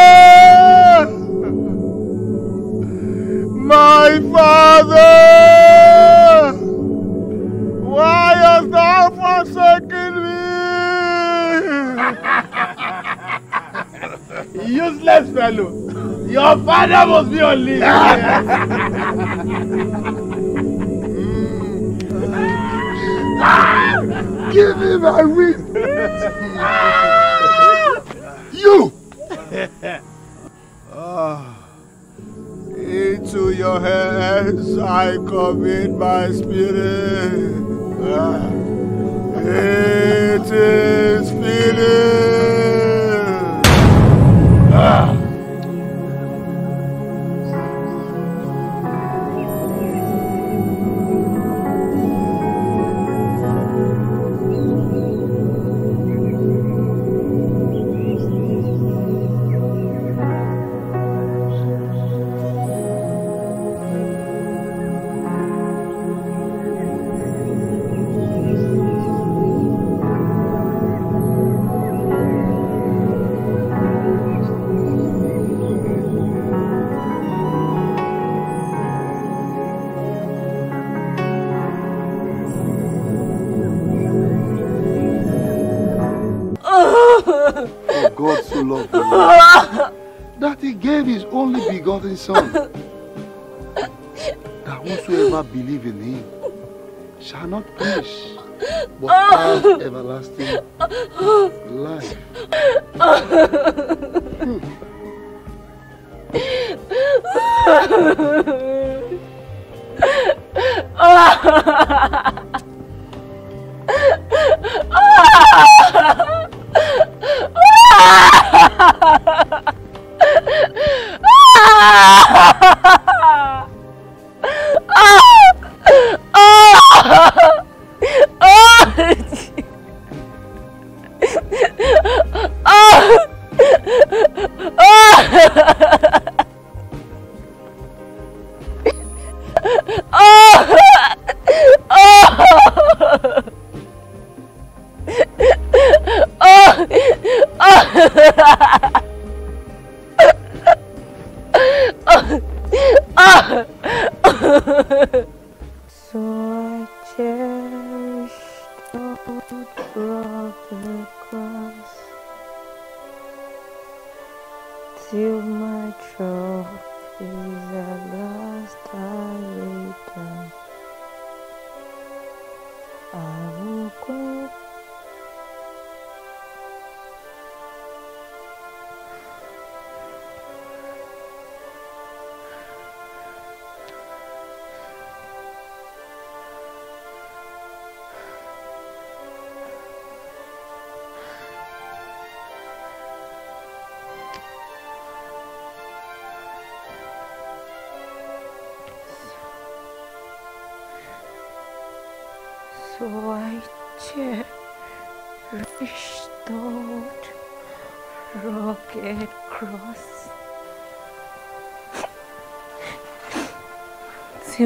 Give him a real Son, that whosoever believe in him shall not perish, but oh. have everlasting life.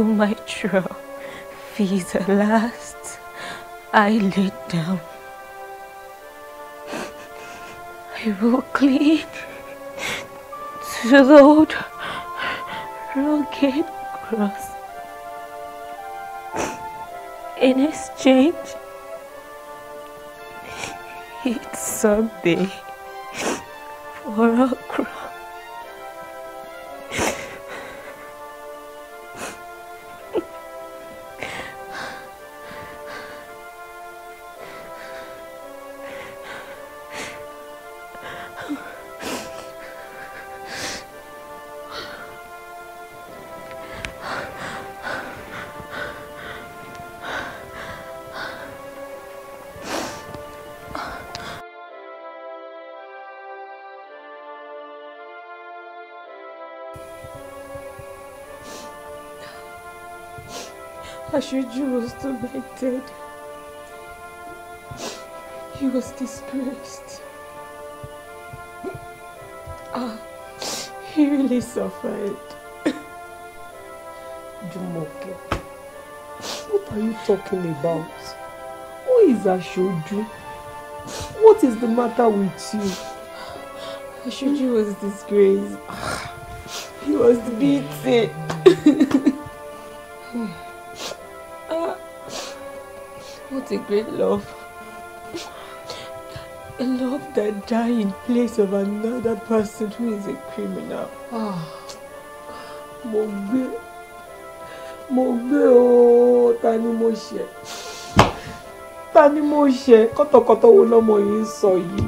you my trophy, the last I laid down. I will cling to the old rugged cross. In exchange, It's someday for a Shuju was dead. He was disgraced. Ah, he really suffered. Jumoke, what are you talking about? Who is Ashoju? What is the matter with you? Ashoju was disgraced. Ah. He was beaten. a great love. A love that died in place of another person who is a criminal. Ah. Mo gbé mo gbé ooo ta ni mo ṣe ta ni mo ṣe kọ́tọ̀kọ́tọ̀ wo lọ́mọ yìí ń sọ yìí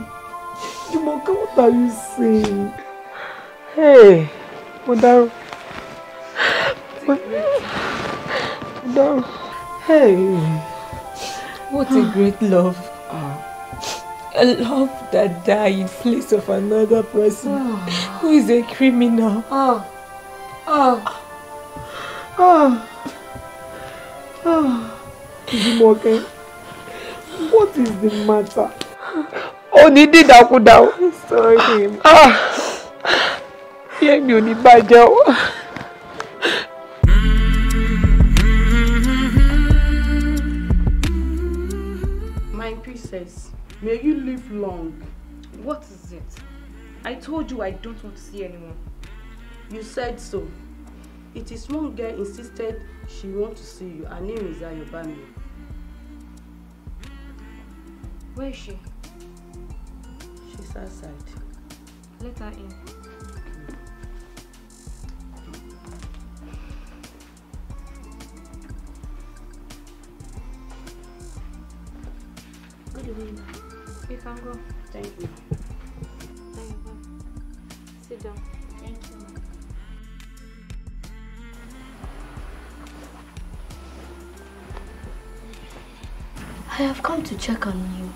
Jùmọ̀kẹ́ what are you saying? Hey, mo dárò mo dárò. Hey. What a great love. Ah. A love that died in place of another person ah. who is a criminal. Oh. Ah. Oh. Oh. Oh. Morgan. what is the matter? Oh, Onídìdàkudà o. Sorry. him. Ah. Yẹ́mi ò ní bàjẹ́ o. told you I don't want to see anyone. You said so. It is one girl insisted she want to see you. Her name is Ayobami. Where is she? She's outside. Let her in. Good evening. You can go. Thank you. Sit down. Thank you. I have come to check on you.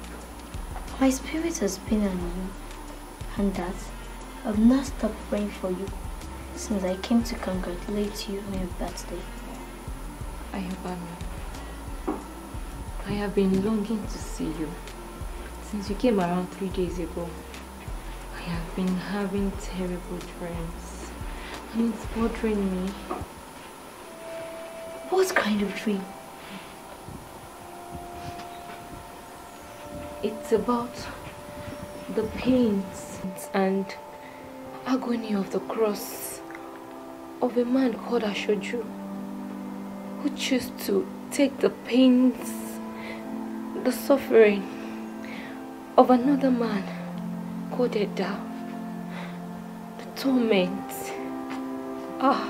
My spirit has been on you, and that I've not stopped praying for you since I came to congratulate you on your birthday. I am um, I have been longing to see you since you came around three days ago i have been having terrible dreams. And it's bothering me. What kind of dream? It's about the pains and agony of the cross of a man called Ashoju who chose to take the pains, the suffering of another man coded down. The torment. Ah.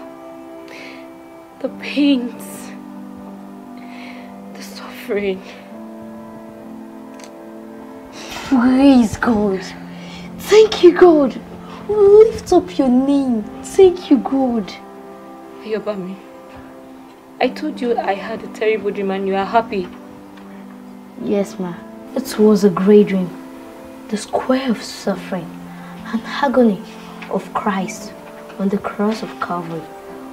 The pains. The suffering. Praise God. Thank you, God. Lift up your name. Thank you, God. Ayobami, I told you I had a terrible dream and you are happy. Yes, ma. It was a great dream the square of suffering and agony of Christ on the cross of Calvary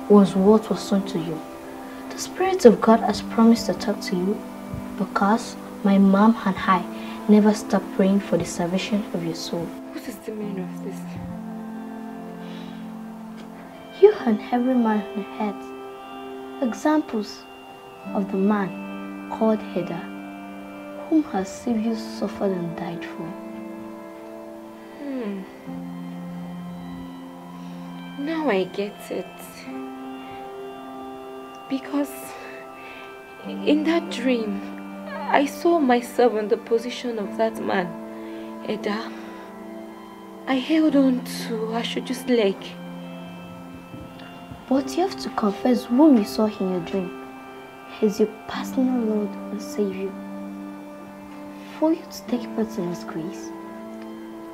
was what was shown to you. The Spirit of God has promised to talk to you because my mom and I never stopped praying for the salvation of your soul. What is the meaning of this? You and every man on head, examples of the man called Heda, whom her Savior suffered and died for. Hmm. Now I get it. Because in that dream, I saw myself in the position of that man, Eda. I held on to just leg. But you have to confess whom you saw in your dream is your personal Lord and Savior. For you to take part in His grace,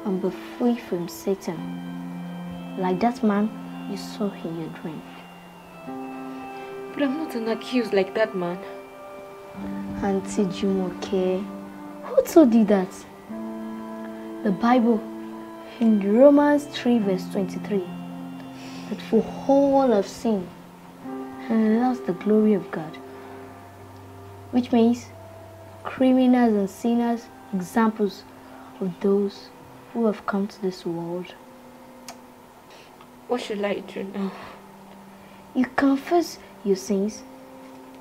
and be free from Satan, like that man you saw in your dream. But I'm not an accused like that man. Auntie Jumoke, who told you that? The Bible, in Romans 3 verse 23, that for all have sinned and lost the glory of God. Which means criminals and sinners examples of those who have come to this world. What should I do now? You confess your sins,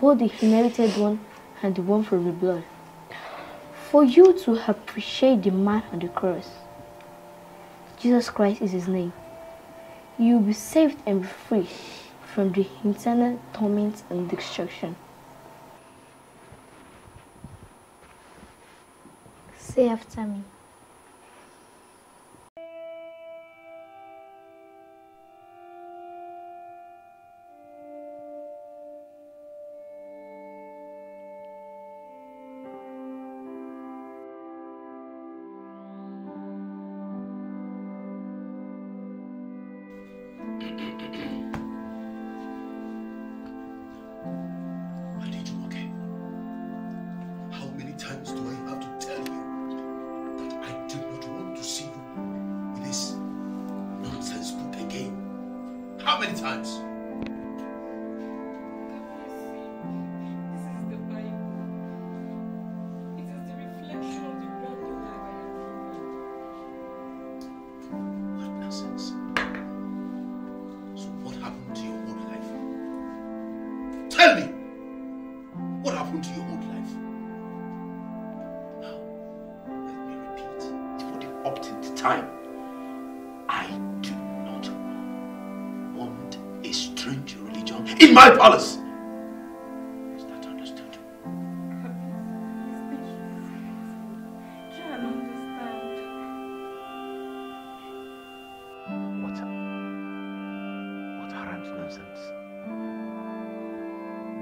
both the inherited one and the one from the blood, for you to appreciate the man on the cross. Jesus Christ is his name. You will be saved and be free from the internal torment and destruction. Say after me.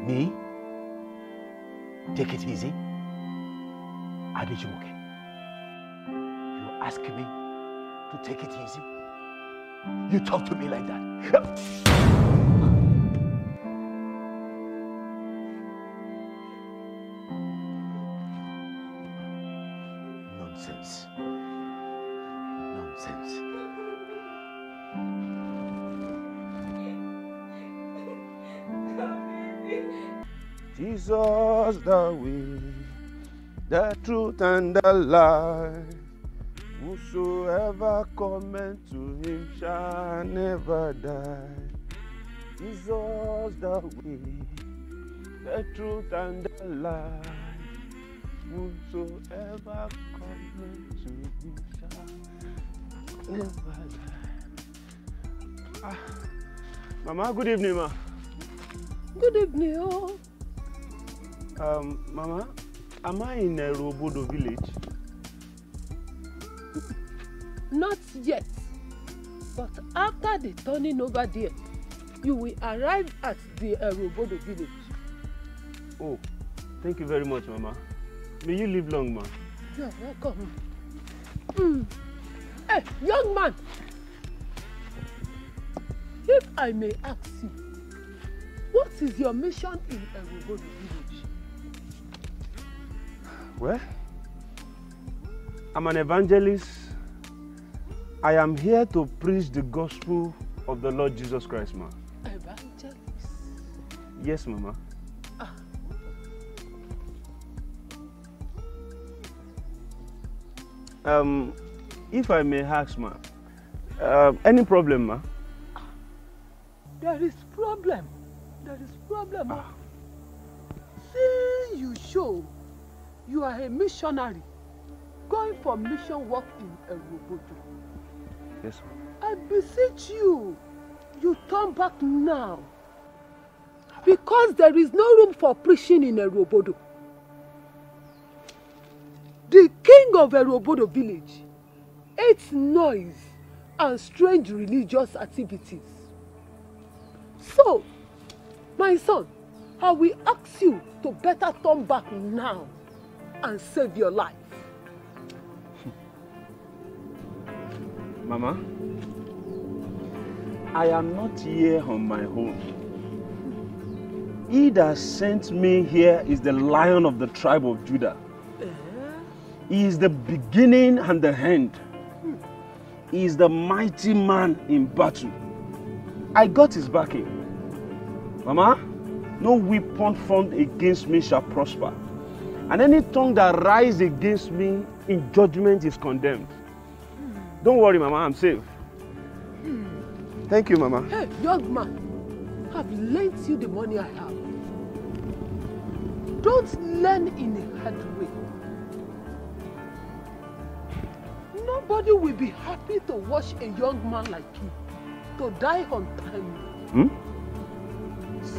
Me? Take it easy. okay? You ask me to take it easy? You talk to me like that. the way, the truth and the life. Whosoever cometh to him shall never die. Jesus the way, the truth and the life. Whosoever cometh to him shall never die. Ah. Mama, good evening, ma. Good evening, oh. Um, Mama, am I in Erobodo village? Not yet. But after the turning over there, you will arrive at the Erobodo village. Oh, thank you very much, Mama. May you live long, ma. You're welcome. Mm. Hey, eh, young man! If I may ask you, what is your mission in Erobodo village? Well, I'm an evangelist. I am here to preach the gospel of the Lord Jesus Christ, ma. Evangelist? Yes, Mama. Ah. Um, if I may ask, ma, uh, any problem, ma? Ah. There is problem. There is problem, ma. Ah. See, you show You are a missionary going for mission work in Erobodo. Yes, ma'am. I beseech you, you turn back now. Because there is no room for preaching in Erobodo. The king of Erobodo village hates noise and strange religious activities. So, my son, I will ask you to better turn back now. and save your life. Mama, I am not here on my own. He that sent me here is the lion of the tribe of Judah. Eh? He is the beginning and the end. He is the mighty man in battle. I got his backing. Mama, no weapon formed against me shall prosper. And any tongue that rises against me in judgment is condemned. Don't worry, Mama, I'm safe. Thank you, Mama. Hey, young man, I've lent you the money I have. Don't learn in a hard way. Nobody will be happy to watch a young man like you to die on time. Hmm?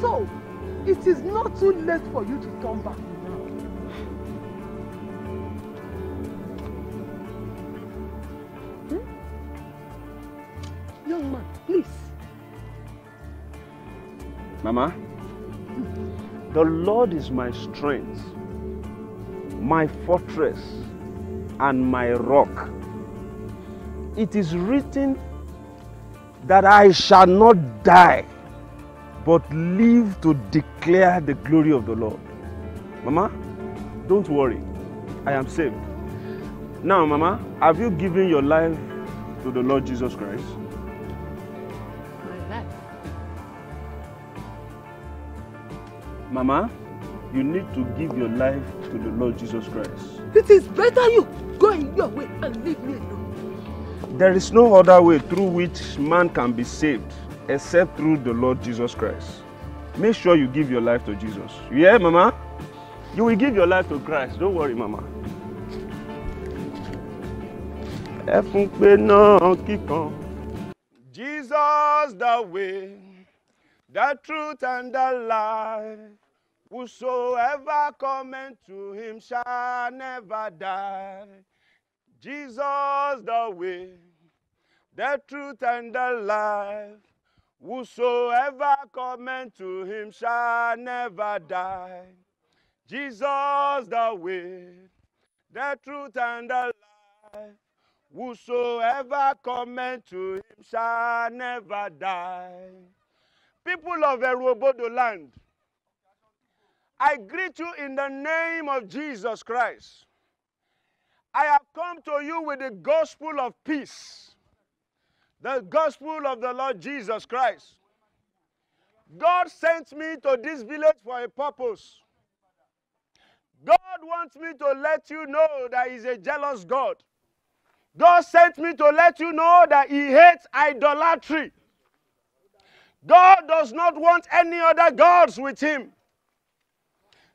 So, it is not too late for you to come back. Mama, the Lord is my strength, my fortress, and my rock. It is written that I shall not die, but live to declare the glory of the Lord. Mama, don't worry. I am saved. Now, Mama, have you given your life to the Lord Jesus Christ? Mama, you need to give your life to the Lord Jesus Christ. It is better you go in your way and leave me alone. There is no other way through which man can be saved except through the Lord Jesus Christ. Make sure you give your life to Jesus. You hear, Mama? You will give your life to Christ. Don't worry, Mama. Jesus the way. The truth and the life. Whosoever cometh to him shall never die. Jesus the way, the truth and the life. Whosoever cometh to him shall never die. Jesus the way, the truth and the life. Whosoever cometh to him shall never die. people of the land, I greet you in the name of Jesus Christ. I have come to you with the gospel of peace, the gospel of the Lord Jesus Christ. God sent me to this village for a purpose. God wants me to let you know that He's a jealous God. God sent me to let you know that He hates idolatry. God does not want any other gods with him.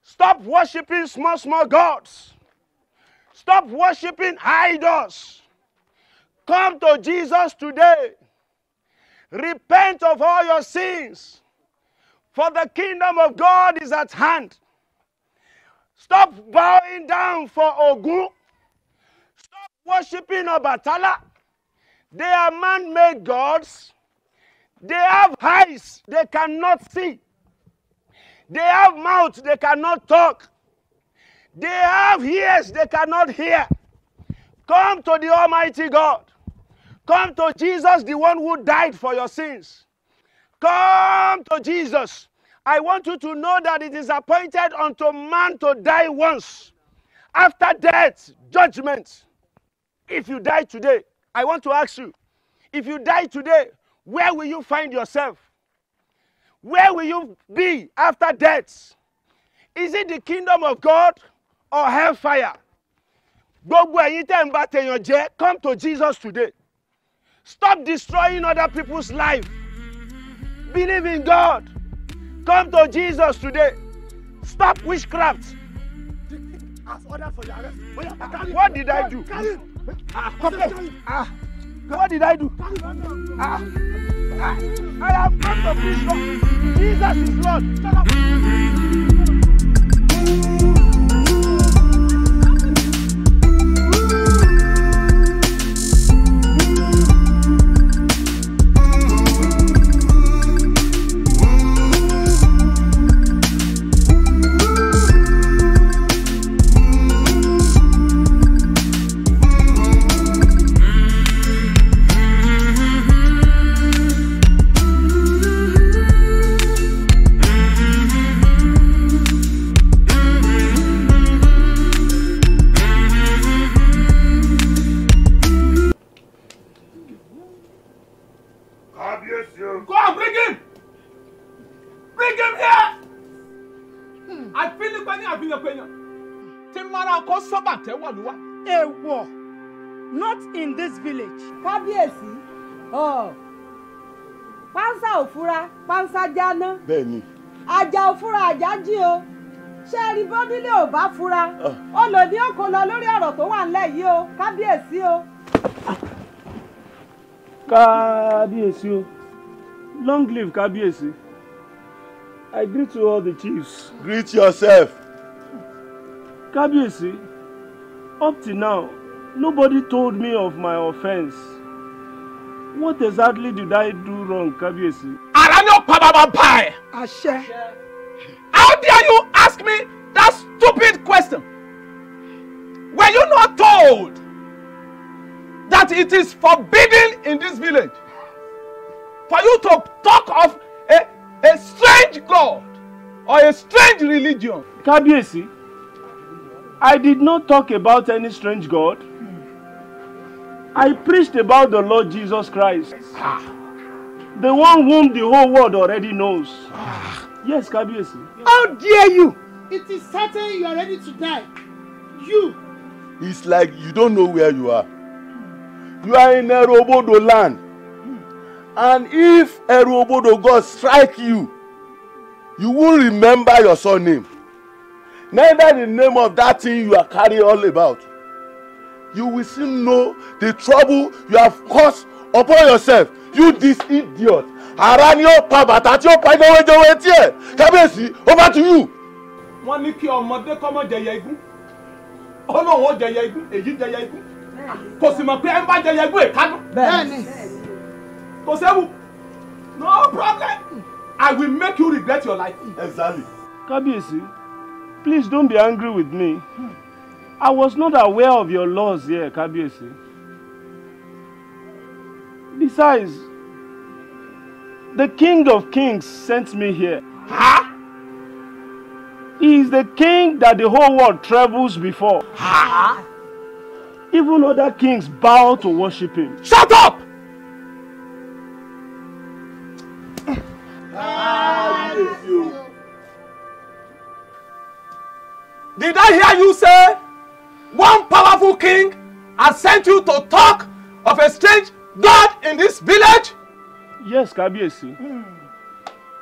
Stop worshiping small, small gods. Stop worshiping idols. Come to Jesus today. Repent of all your sins, for the kingdom of God is at hand. Stop bowing down for Ogun. Stop worshiping Obatala. They are man made gods They have eyes they cannot see. They have mouths they cannot talk. They have ears they cannot hear. Come to the Almighty God. Come to Jesus, the one who died for your sins. Come to Jesus. I want you to know that it is appointed unto man to die once. After death, judgment. If you die today, I want to ask you, if you die today, Where will you find yourself? Where will you be after death? Is it the kingdom of God or hellfire? Gbogbo ẹ̀yin tẹ́ ń bá tèèyàn jẹ́, come to Jesus today. Stop destroying other people's life. Believe in God. Come to Jesus today. Stop witchcraft. What did I do? Ah, What did I do? Ah, ah, I have come to preach Jesus is Lord. panṣájá ná. bẹ́ẹ̀ni. àjà ò fura àjà jí o ṣé ẹrí bọ́dílé ò bá fura ó ah. lò ní òkò lọ lórí ọ̀rọ̀ tó wà ńlẹ̀ yìí o kábíyèsí o. kábíyèsí o long live kábíyèsí i greet you, all the chiefs. greet yourself. kábíyèsí up till now nobody told me of my offence. What exactly did I do wrong, Kabiyesi? ara ni ó pa bàbá pa ẹ. àṣẹ. how dare you ask me that stupid question were you not told that it is forbidden in this village for you to talk of a a strange god or a strange religion. kábíyèsí I did not talk about any strange god. I preached about the Lord Jesus Christ. Ah. The one whom the whole world already knows. Ah. yes, Kabiyesi. How dare you? It is certain you are ready to die. You. It's like you don't know where you are. You are in Erobodo land. And if Erobodo God strike you, you won't remember your surname. Neither the name of that thing you are carrying all about. You will still know the trouble you have caused upon yourself you this idiot ara ni ó pa bàtà tí ó pa iná wéjọwé tiẹ̀ kábíyèsí over to you. wọ́n ní kí ọmọdé kọ́mọ jẹyẹ igún ó lóun ó jẹyẹ igún èyí jẹyẹ igún kò sì mọ̀ pé ẹ ń bá jẹyẹ igún èkánú. bẹ́ẹ̀ni kò séwu no problem i will make you regret your life. exactly. kábíyèsí please don't be angry with me i was not aware of your laws here kábíyèsí. Besides, the King of Kings sent me here. Huh? He is the king that the whole world travels before. Huh? Even other kings bow to worship him. Shut up! Did I hear you say one powerful king has sent you to talk of a strange God in this village? Yes, Kabiesi. Mm.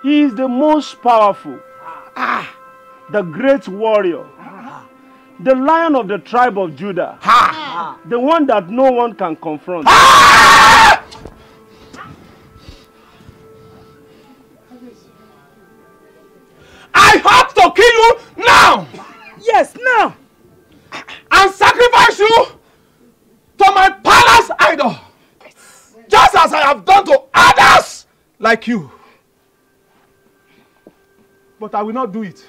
He is the most powerful. Ah. The great warrior. Ah. The lion of the tribe of Judah. Ah. The one that no one can confront. Ah. I hope to kill you now! Yes, now! And sacrifice you to my palace idol! just as I have done to others like you. But I will not do it.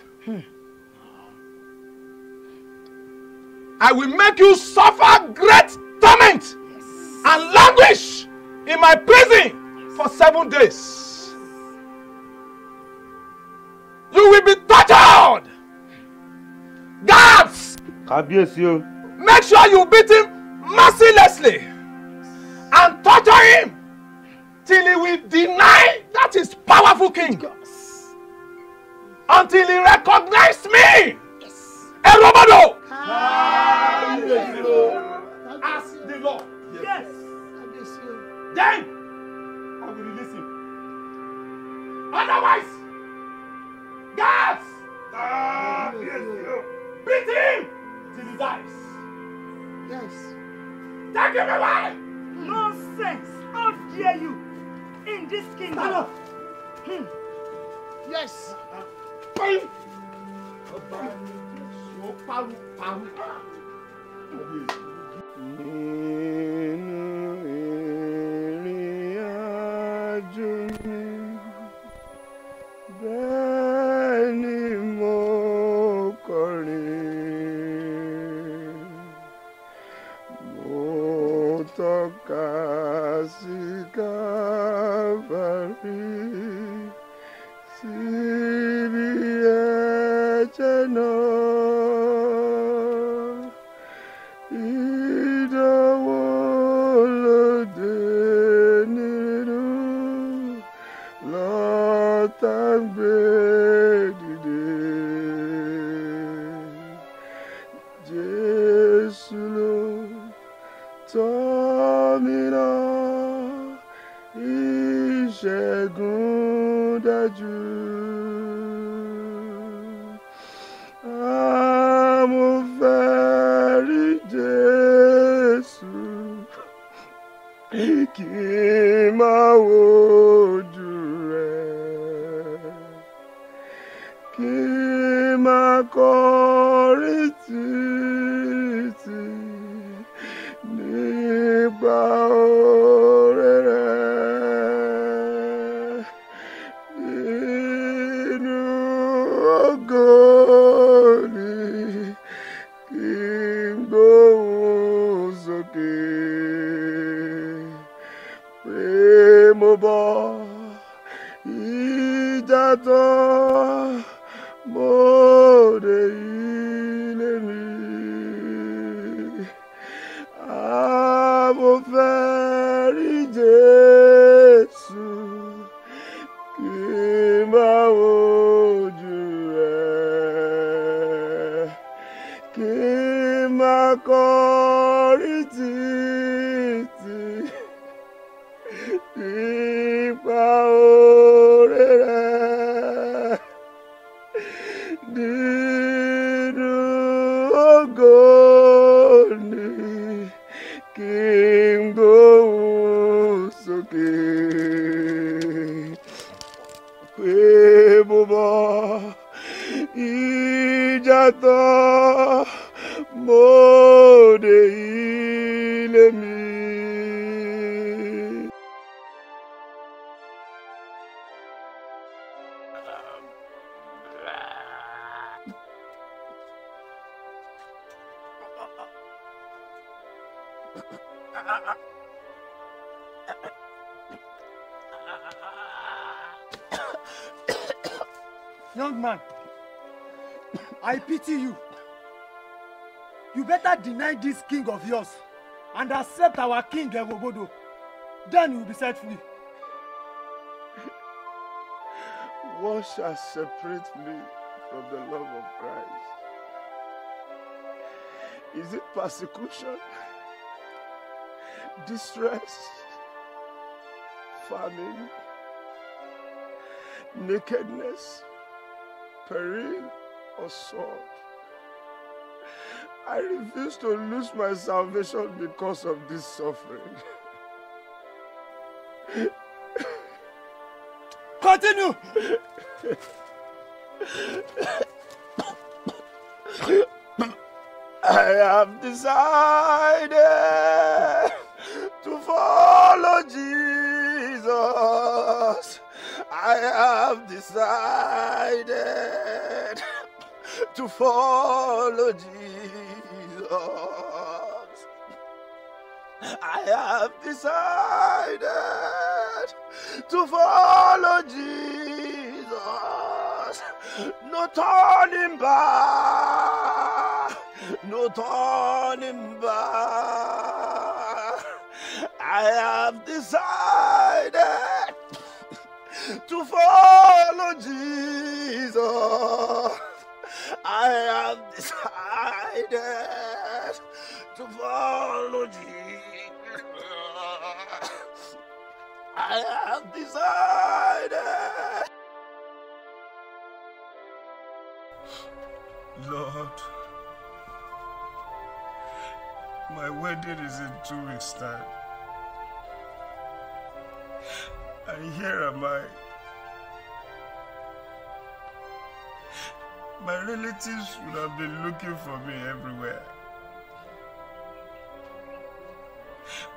I will make you suffer great torment yes. and languish in my prison for seven days. You will be tortured. Guards! Make sure you beat him mercilessly for him till he will deny that is powerful king. Yes. Until he recognizes me. Yes. El Erobado. As the Lord. Yes. yes. Then I will release him. Otherwise, guards, ah, yes, beat him till he dies. Yes. Thank you him away. Nonsense! How dare you in this kingdom? Stand up! Hmm. Yes! Bam! Ọba ah. deny this king of yours and accept our king Ewogodo, then you will be set free. What shall separate me from the love of Christ? Is it persecution? Distress? Famine? Nakedness? Peril or sword? I refuse to lose my salvation because of this suffering. Continue. I have decided to follow Jesus. I have decided to follow Jesus. have decided to follow Jesus. No turning back, no turning back. I have decided to follow Jesus. I have I have decided. Lord, my wedding is in two weeks' time. And here am I. My relatives would have been looking for me everywhere.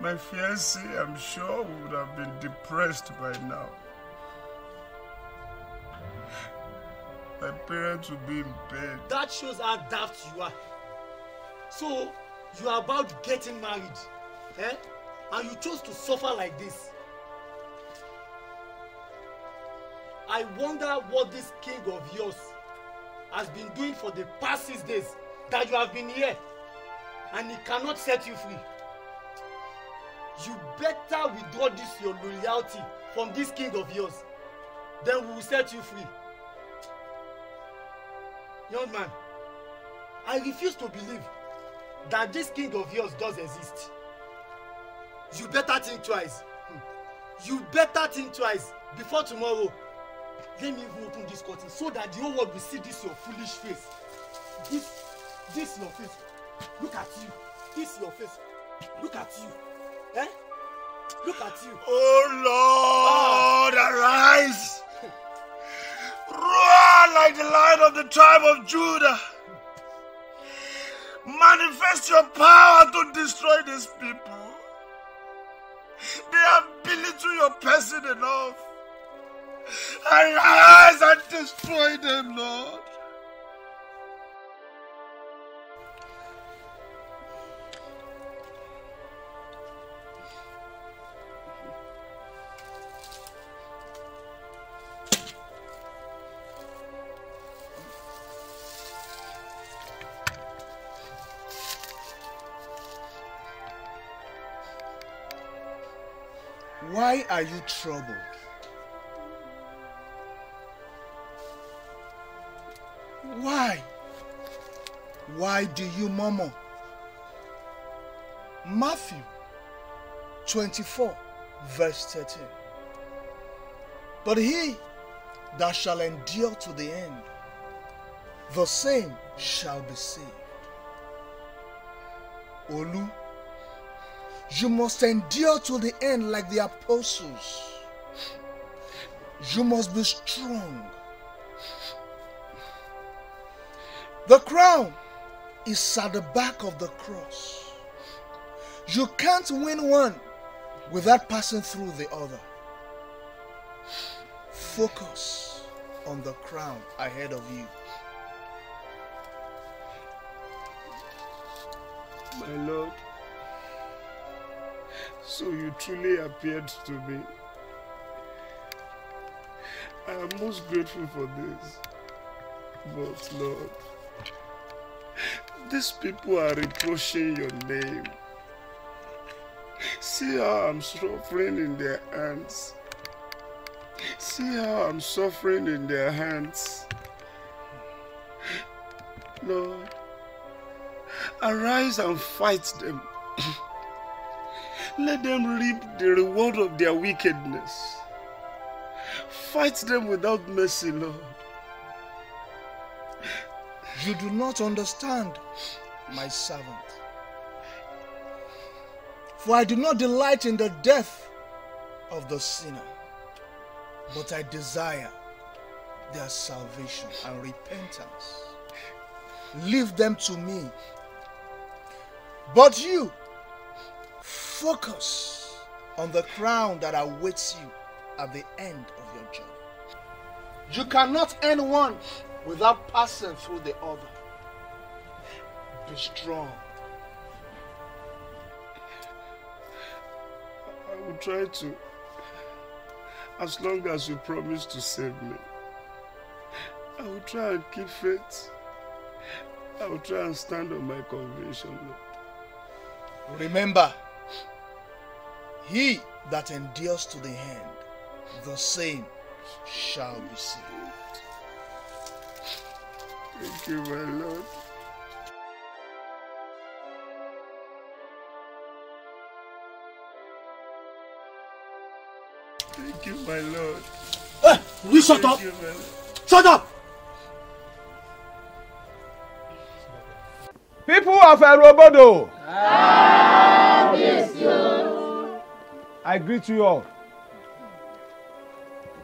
My fiancé, I'm sure, would have been depressed by now. My parents would be in bed. That shows how daft you are. So, you are about getting married, eh? And you chose to suffer like this. I wonder what this king of yours has been doing for the past six days that you have been here. And he cannot set you free you better withdraw this your loyalty from this king of yours then we will set you free young man i refuse to believe that this king of yours does exist you better think twice hmm. you better think twice before tomorrow let me even open this curtain so that the whole world will see this your foolish face this this your face look at you this your face look at you Eh? Look at you. Oh Lord, ah. arise. Roar like the lion of the tribe of Judah. Manifest your power to destroy these people. They have belittled your person enough. Arise and destroy them, Lord. are you troubled? Why? Why do you murmur? Matthew 24, verse 13. But he that shall endure to the end, the same shall be saved. Olu you must endure to the end like the apostles. You must be strong. The crown is at the back of the cross. You can't win one without passing through the other. Focus on the crown ahead of you. My Lord, so you truly appeared to me. I am most grateful for this. But Lord, these people are reproaching your name. See how I'm suffering in their hands. See how I'm suffering in their hands. Lord, arise and fight them. Let them reap the reward of their wickedness. Fight them without mercy, Lord. You do not understand, my servant. For I do not delight in the death of the sinner, but I desire their salvation and repentance. Leave them to me. But you, Focus on the crown that awaits you at the end of your journey. You cannot end one without passing through the other. Be strong. I will try to, as long as you promise to save me. I will try and keep faith. I will try and stand on my conviction. Remember, he that endures to the end, the same shall be saved. Thank you, my Lord. Thank you, my Lord. Hey, eh, will you shut Thank up? You, shut up! People of Erobodo! Ah. I greet you all.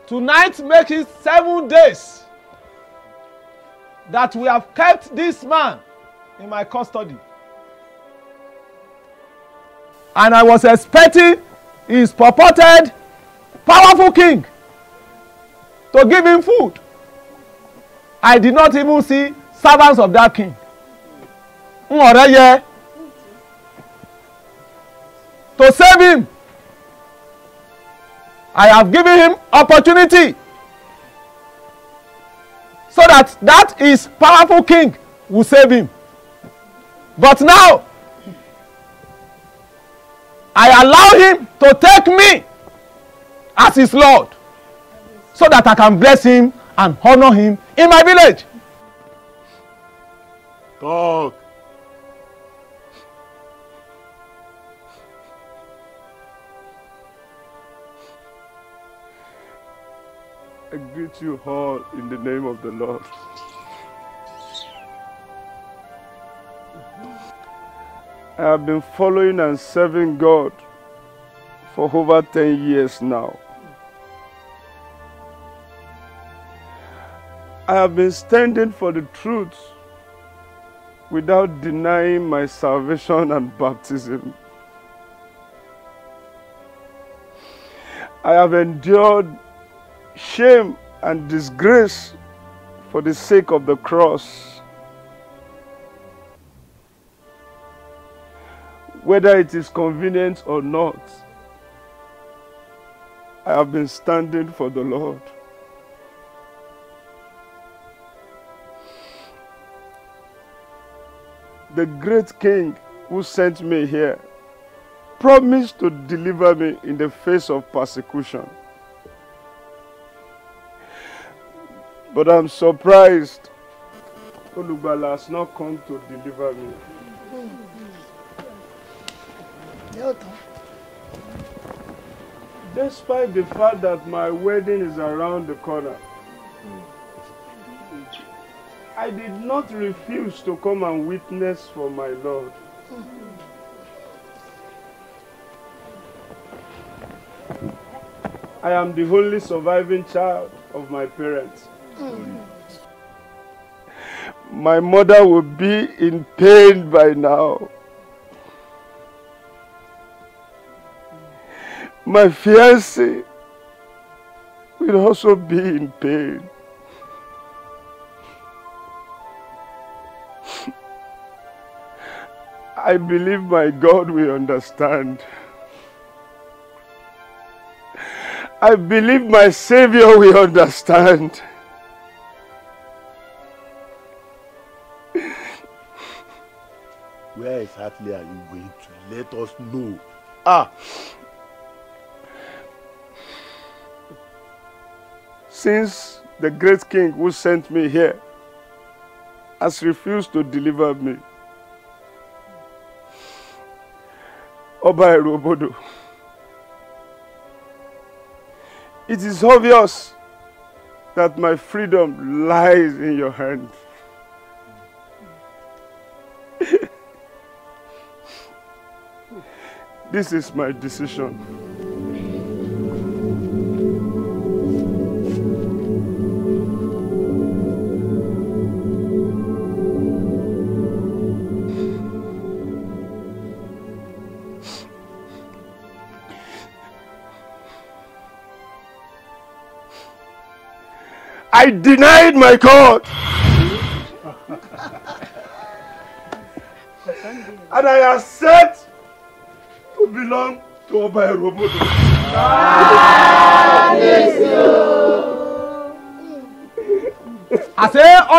Tonight make it seven days that we have kept this man in my custody. And I was expecting his purported powerful king to give him food. I did not even see servants of that king. n ọ̀rẹ́ to save him I have given him opportunity so that that his powerful king will save him. But now I allow him to take me as his Lord so that I can bless him and honor him in my village. Talk. I greet you all in the name of the Lord. I have been following and serving God for over 10 years now. I have been standing for the truth without denying my salvation and baptism. I have endured shame and disgrace for the sake of the cross. Whether it is convenient or not, I have been standing for the Lord. The great King who sent me here promised to deliver me in the face of persecution. But I'm surprised Olubala has not come to deliver me. Despite the fact that my wedding is around the corner, I did not refuse to come and witness for my Lord. I am the only surviving child of my parents. My mother will be in pain by now. My fiancé will also be in pain. I believe my God will understand. I believe my Savior will understand. where exactly are you going to? Let us know. Ah! Since the great king who sent me here has refused to deliver me, Oba Ẹ̀rù it is obvious that my freedom lies in your hands. This is my decision. I denied my God. and I accept long tó ọba ẹ̀rọ mọ́tò.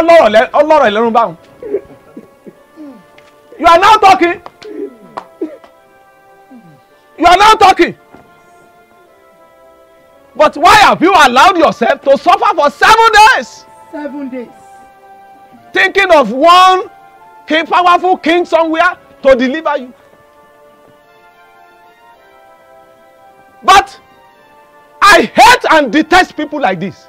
Lord, ọlọ́rọ̀ ìlẹ́run báwọn you are now talking you are now talking but why have you allowed yourself to suffer for seven days. seven days. thinking of one king powerful king somewhere to deliver you I hate and detest people like this.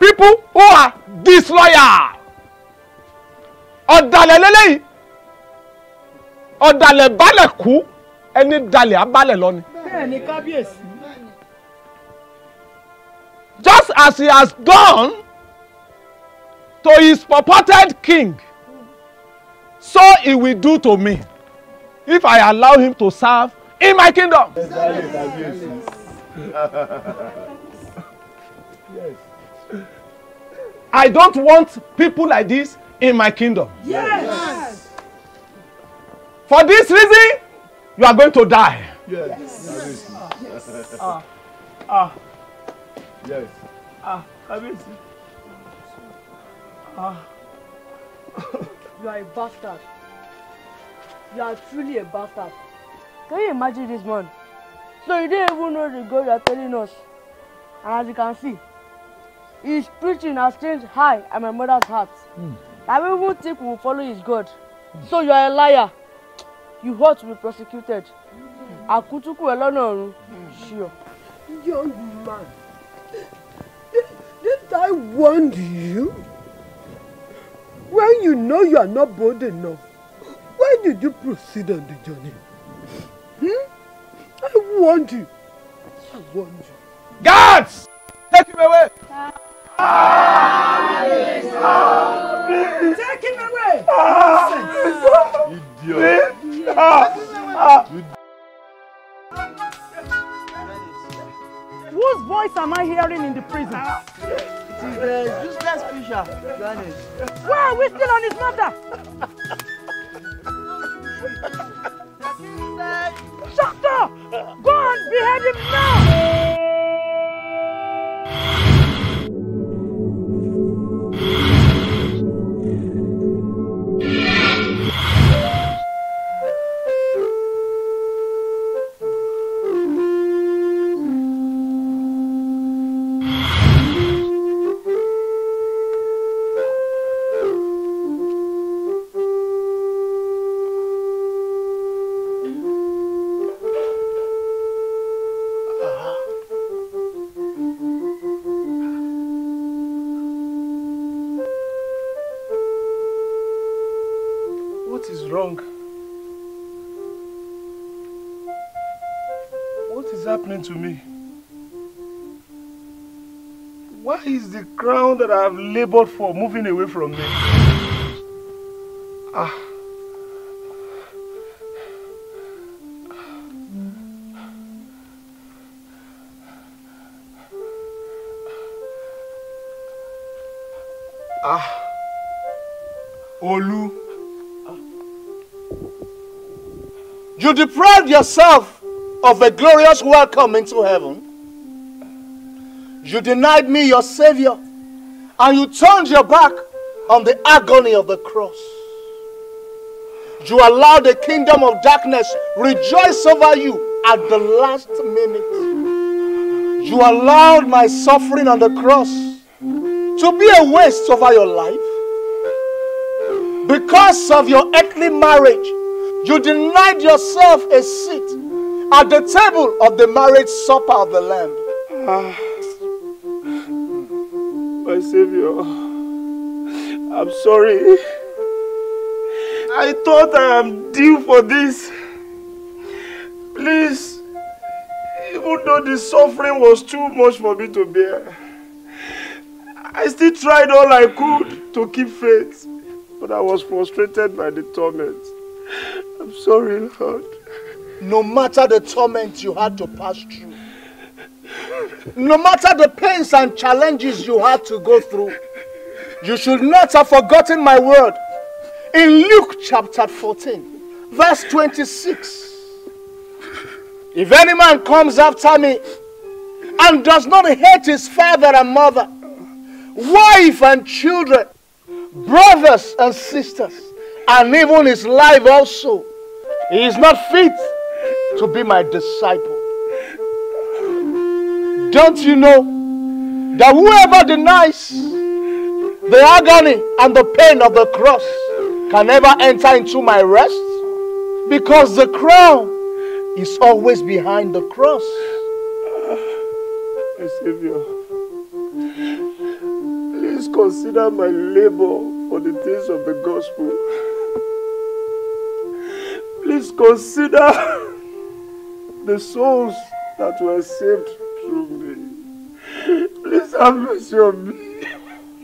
People who are disloyal. Ọ̀dàlẹ̀ lélẹ́yìí. Ọ̀dàlẹ̀ balẹ̀ kú ẹni dalẹ̀ abalẹ̀ lọ Bẹ́ẹ̀ni kábíyèsí. Just as he has done to his purported king, so he will do to me if I allow him to serve in my kingdom. yes. I don't want people like this in my kingdom. Yes. For this reason, you are going to die. Yes. Yes. Ah. Ah. Yes. Ah. Kábíyèsí. Ah. You are a bastard. You are truly a bastard. Can you imagine this man? So he didn't even know the God you are telling us. And as you can see, his preaching has changed high at my mother's heart. Mm. I don't even think we will follow his God. Mm. So you are a liar. You ought to be prosecuted. Àkútúkù ẹ lọ́nà ọ̀run. Sure. Young man, didn't I warn you? When you know you are not bold enough, why did you proceed on the journey? Hmm? I want you. I want you. Guards! Take him away! Ah, please, Take him away! Ah, Idiot! Whose voice am I hearing in the prison? It's ah. uh, useless Fisher, Why are we still on his mother? Shut up! Go and behead him now! that I have labored for moving away from me. Ah. Ah. Olu. You deprived yourself of a glorious welcome into heaven. You denied me your Savior and you turned your back on the agony of the cross. You allowed the kingdom of darkness rejoice over you at the last minute. You allowed my suffering on the cross to be a waste over your life. Because of your earthly marriage, you denied yourself a seat at the table of the marriage supper of the Lamb my Savior. I'm sorry. I thought I am due for this. Please, even though the suffering was too much for me to bear, I still tried all I could to keep faith, but I was frustrated by the torment. I'm sorry, Lord. No matter the torment you had to pass through, no matter the pains and challenges you had to go through, you should not have forgotten my word. In Luke chapter 14, verse 26, if any man comes after me and does not hate his father and mother, wife and children, brothers and sisters, and even his life also, he is not fit to be my disciple. Don't you know that whoever denies the agony and the pain of the cross can never enter into my rest? Because the crown is always behind the cross. My Savior, please consider my labor for the things of the gospel. Please consider the souls that were saved me. Please have mercy on me.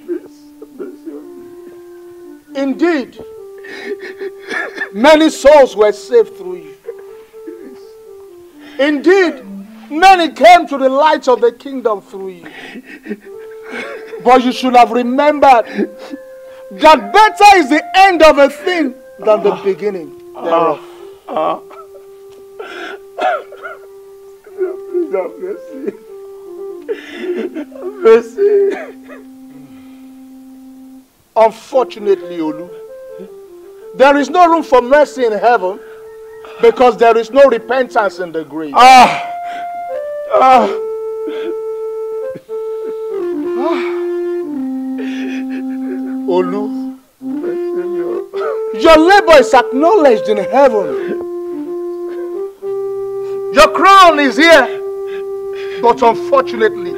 Please have mercy on me. Indeed, many souls were saved through you. Indeed, many came to the light of the kingdom through you. But you should have remembered that better is the end of a thing than the beginning thereof. Ah, ah. Please have mercy. Mercy. Unfortunately, Olu, there is no room for mercy in heaven because there is no repentance in the grave. Ah! Ah! ah. Olu, your labor is acknowledged in heaven. Your crown is here. But unfortunately,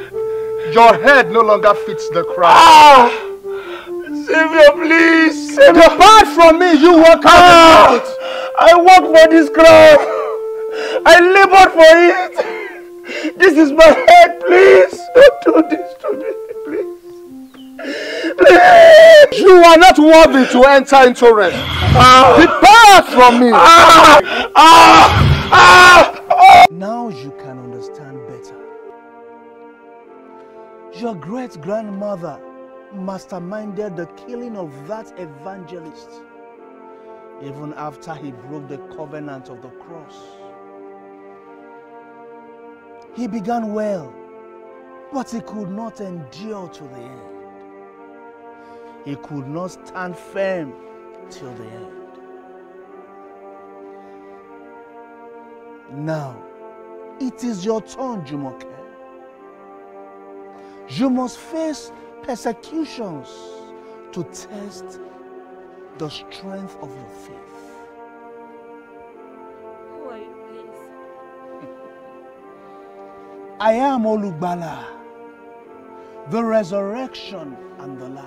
your head no longer fits the crown. Ah! Savior, please! Savior. Depart from me, you work ah! out! I work for this crown! I labored for it! This is my head, please! Don't do this to me, please! Please! You are not worthy to enter into rest. Ah! Depart from me! Ah! Ah! Ah! ah! Now you can understand your great grandmother masterminded the killing of that evangelist even after he broke the covenant of the cross. He began well, but he could not endure to the end. He could not stand firm till the end. Now, it is your turn, Jumoke. You must face persecutions to test the strength of your faith. Who are you, please? I am Olubala, the resurrection and the life.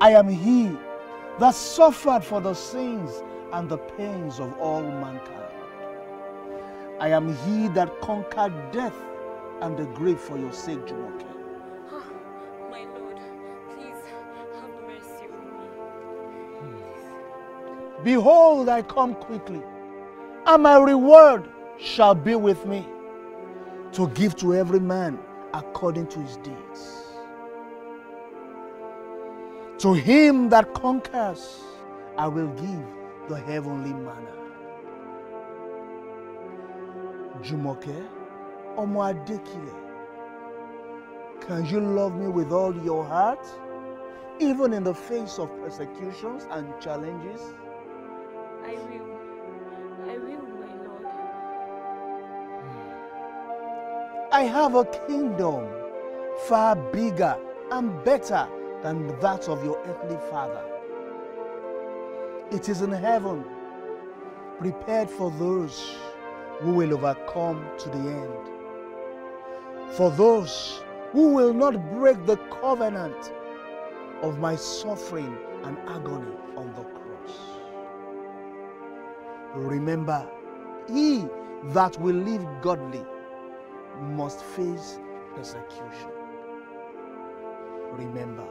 I am he that suffered for the sins and the pains of all mankind. I am he that conquered death and the grave for your sake, Jumoke. Ah, hmm. Behold, I come quickly, and my reward shall be with me to give to every man according to his deeds. To him that conquers, I will give the heavenly manna. Jumoke, ọmọ can you love me with all your heart, even in the face of persecutions and challenges? I will. I will, my Lord. I have a kingdom far bigger and better than that of your earthly father. It is in heaven, prepared for those who will overcome to the end for those who will not break the covenant of my suffering and agony on the cross. Remember, he that will live godly must face persecution. Remember,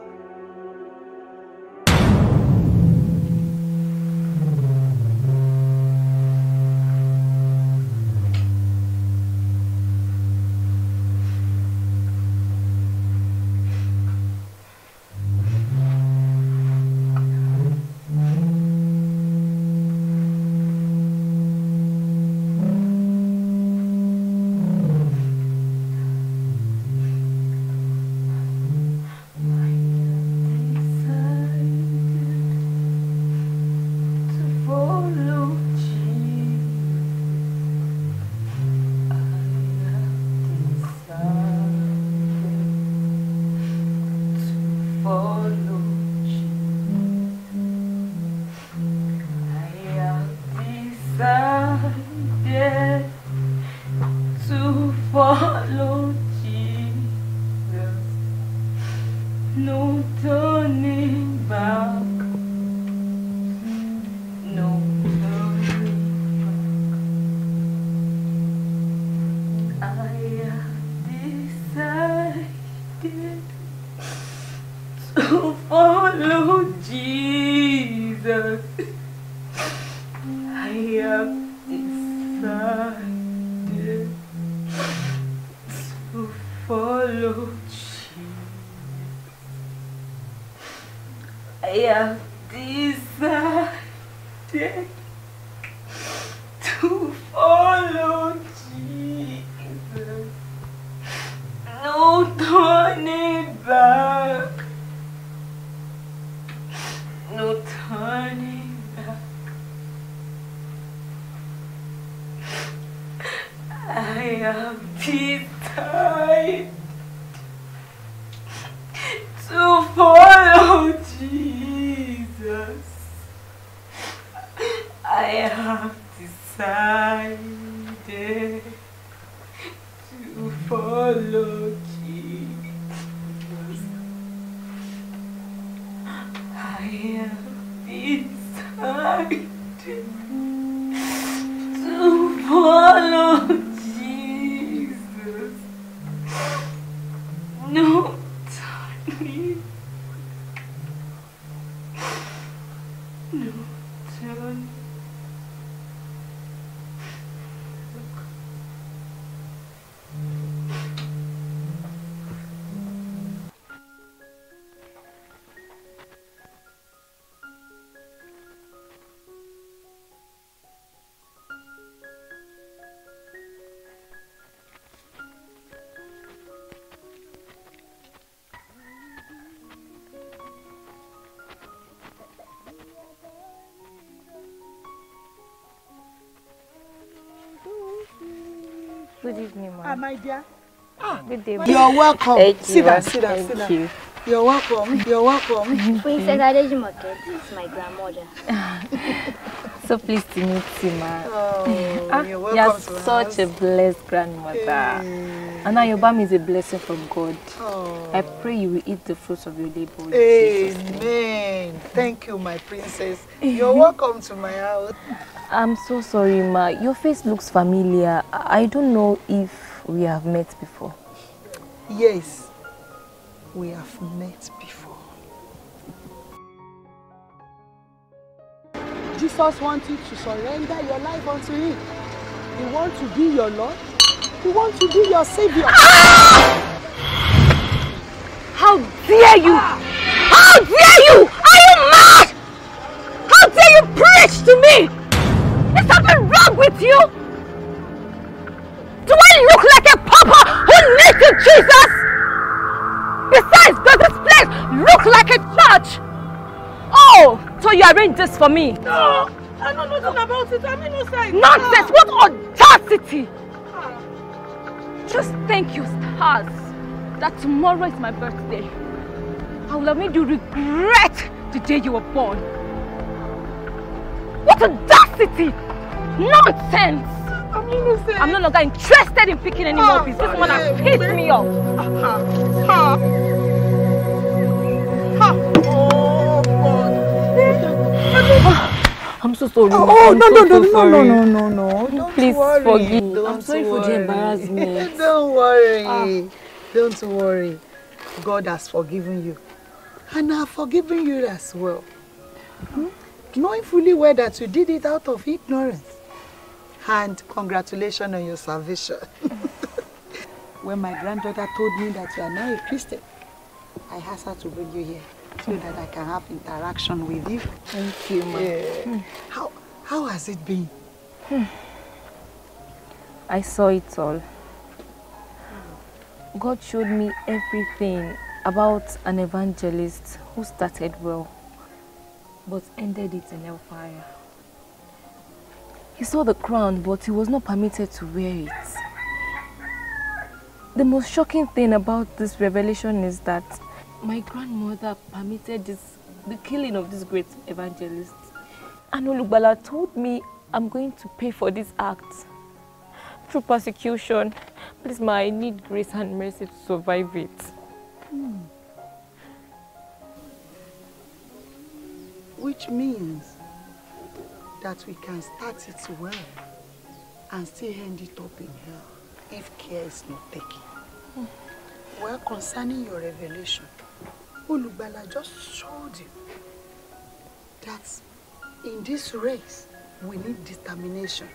No, seven, Good evening, ma'am. Ah, my dear. Ah, Good day. You're welcome. Thank sit you. Down, sit down, Thank sit down. You. You're welcome. You're welcome. Princess Adejimoke, this is my grandmother. so pleased to meet you, ma. Oh, ah, you're welcome. You're such a blessed grandmother. Hey. And now your bam is a blessing from God. Oh. I pray you will eat the fruits of your labor. Amen. Thank you, my princess. You're welcome to my house. I'm so sorry, Ma. Your face looks familiar. I don't know if we have met before. Yes, we have met before. Jesus wanted to surrender your life unto him. He wants to be your Lord. He wants to be your Savior. Ah! How dare you! Ah! How dare you! Are you mad? How dare you preach to me? wrong with you? Do I look like a papa who needs you, Jesus? Besides, does this place look like a church? Oh, so you arranged this for me? No, I know nothing about it. I'm innocent. Nonsense! Ah. What audacity! Ah. Just thank you, stars, that tomorrow is my birthday. I will have made you regret the day you were born. What audacity! Nonsense! I'm innocent. I'm no longer interested in picking any more ah, bees. This one has pissed me off. Ha. Ha. Ha. Oh, God. I'm so sorry. Oh, oh no, no, no, no, no, no, no, no. Please worry. forgive. Don't I'm sorry worry. for the embarrassment. Don't worry. Ah. Don't worry. God has forgiven you. And I've forgiven you as well. Hmm? Knowing fully well that you did it out of ignorance. And congratulations on your salvation. when my granddaughter told me that you are now a Christian, I asked her to bring you here so that I can have interaction with you. Thank you, ma. Yeah. Hmm. How, how has it been? Hmm. I saw it all. God showed me everything about an evangelist who started well, but ended it in hellfire. He saw the crown, but he was not permitted to wear it. The most shocking thing about this revelation is that my grandmother permitted this, the killing of this great evangelist. And told me I'm going to pay for this act through persecution. Please, ma, I need grace and mercy to survive it. Hmm. Which means that we can start it well and still end it up in hell if care is not taken. Hmm. Well, concerning your revelation, Olubala just showed you that in this race, we need determination.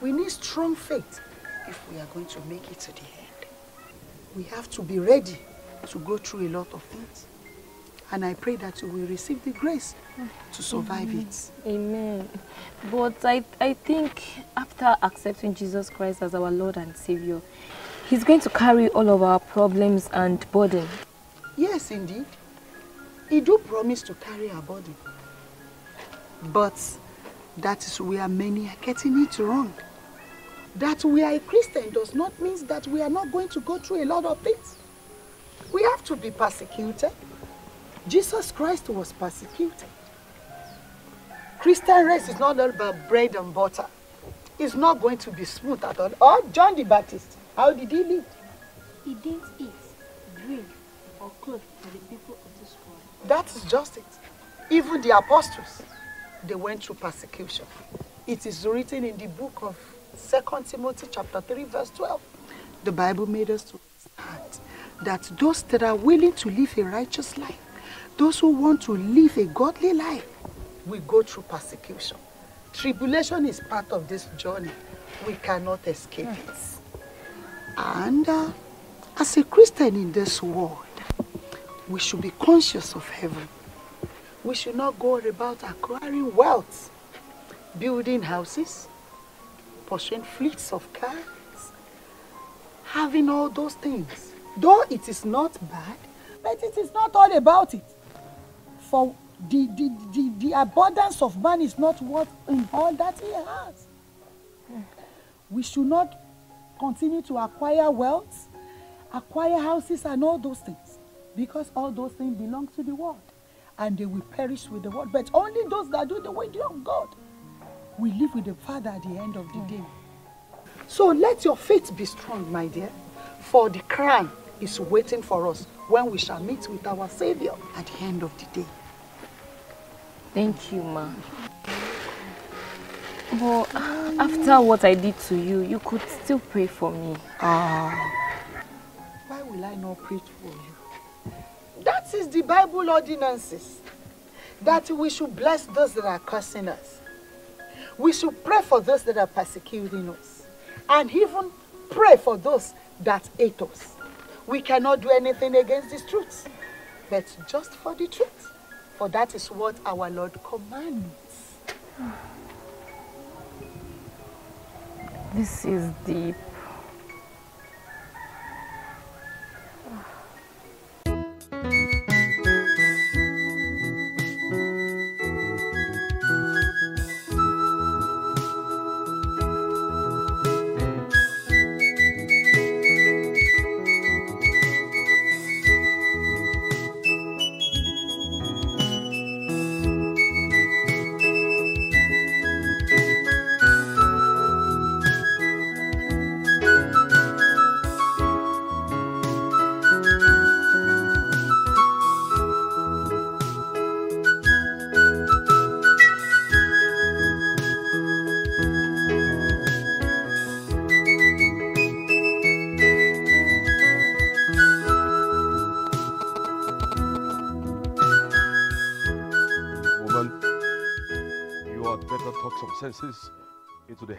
We need strong faith if we are going to make it to the end. We have to be ready to go through a lot of things. And I pray that you will receive the grace to survive Amen. it. Amen. But I, I think after accepting Jesus Christ as our Lord and Savior, He's going to carry all of our problems and burden. Yes, indeed. He do promise to carry our burden. But that is where many are getting it wrong. That we are a Christian does not mean that we are not going to go through a lot of things. We have to be persecuted. Jesus Christ was persecuted. Christian race is not all about bread and butter. It's not going to be smooth at all. Or John the Baptist, how did he live? He didn't eat, drink, or clothe for the people of this world. That is just it. Even the apostles, they went through persecution. It is written in the book of 2 Timothy chapter 3 verse 12. The Bible made us to understand that those that are willing to live a righteous life those who want to live a godly life will go through persecution. Tribulation is part of this journey. We cannot escape yes. it. And uh, as a Christian in this world, we should be conscious of heaven. We should not go about acquiring wealth, building houses, pursuing fleets of cars, having all those things. Though it is not bad, but it is not all about it for the, the, the, the abundance of man is not worth in all that he has. We should not continue to acquire wealth, acquire houses and all those things because all those things belong to the world and they will perish with the world. But only those that do the will of God will live with the Father at the end of the mm. day. So let your faith be strong, my dear, for the crown is waiting for us when we shall meet with our Savior at the end of the day. Thank you, ma. But ah, after what I did to you, you could still pray for me. Ah. Why will I not pray for you? That is the Bible ordinances. That we should bless those that are cursing us. We should pray for those that are persecuting us. And even pray for those that hate us. We cannot do anything against the truth. But just for the truth. For that is what our Lord commands. This is deep.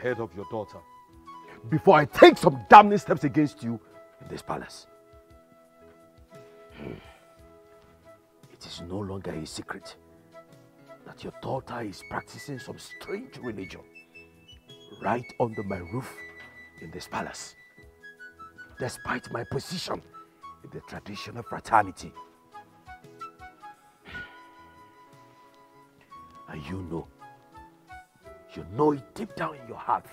head of your daughter before I take some damning steps against you in this palace. Hmm. It is no longer a secret that your daughter is practicing some strange religion right under my roof in this palace. Despite my position in the traditional fraternity. Hmm. And you know you know it deep down in your heart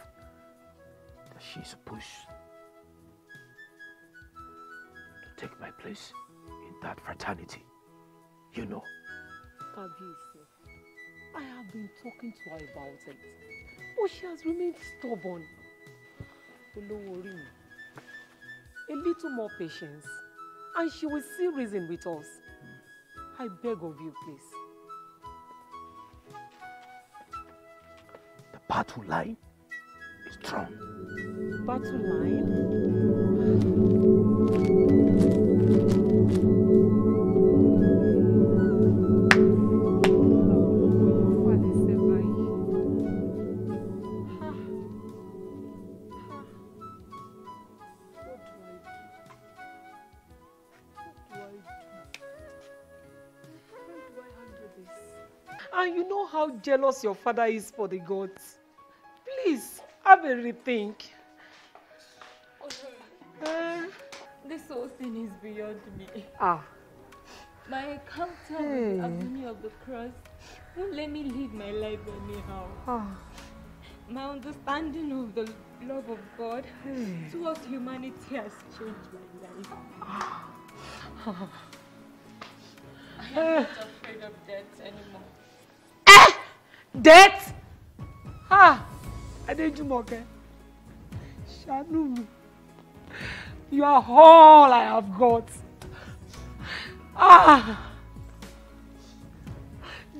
that she is pushed to take my place in that fraternity. You know. Kabiyesi, I have been talking to her about it, but she has remained stubborn. Don't worry. a little more patience, and she will see reason with us. I beg of you, please. battle line is strong. Battle line? And you know how jealous your father is for the gods everything. a rethink. Um, this whole thing is beyond me. Ah. My encounter hey. with the hmm. agony of the cross won't let me live my life anyhow. Ah. My understanding of the love of God hey. Hmm. towards humanity has changed my life. Ah. I am ah. not afraid of death anymore. Eh! Death? Ah! Adéjùmọ̀kẹ́, ṣàánú You are all I have got. Ah!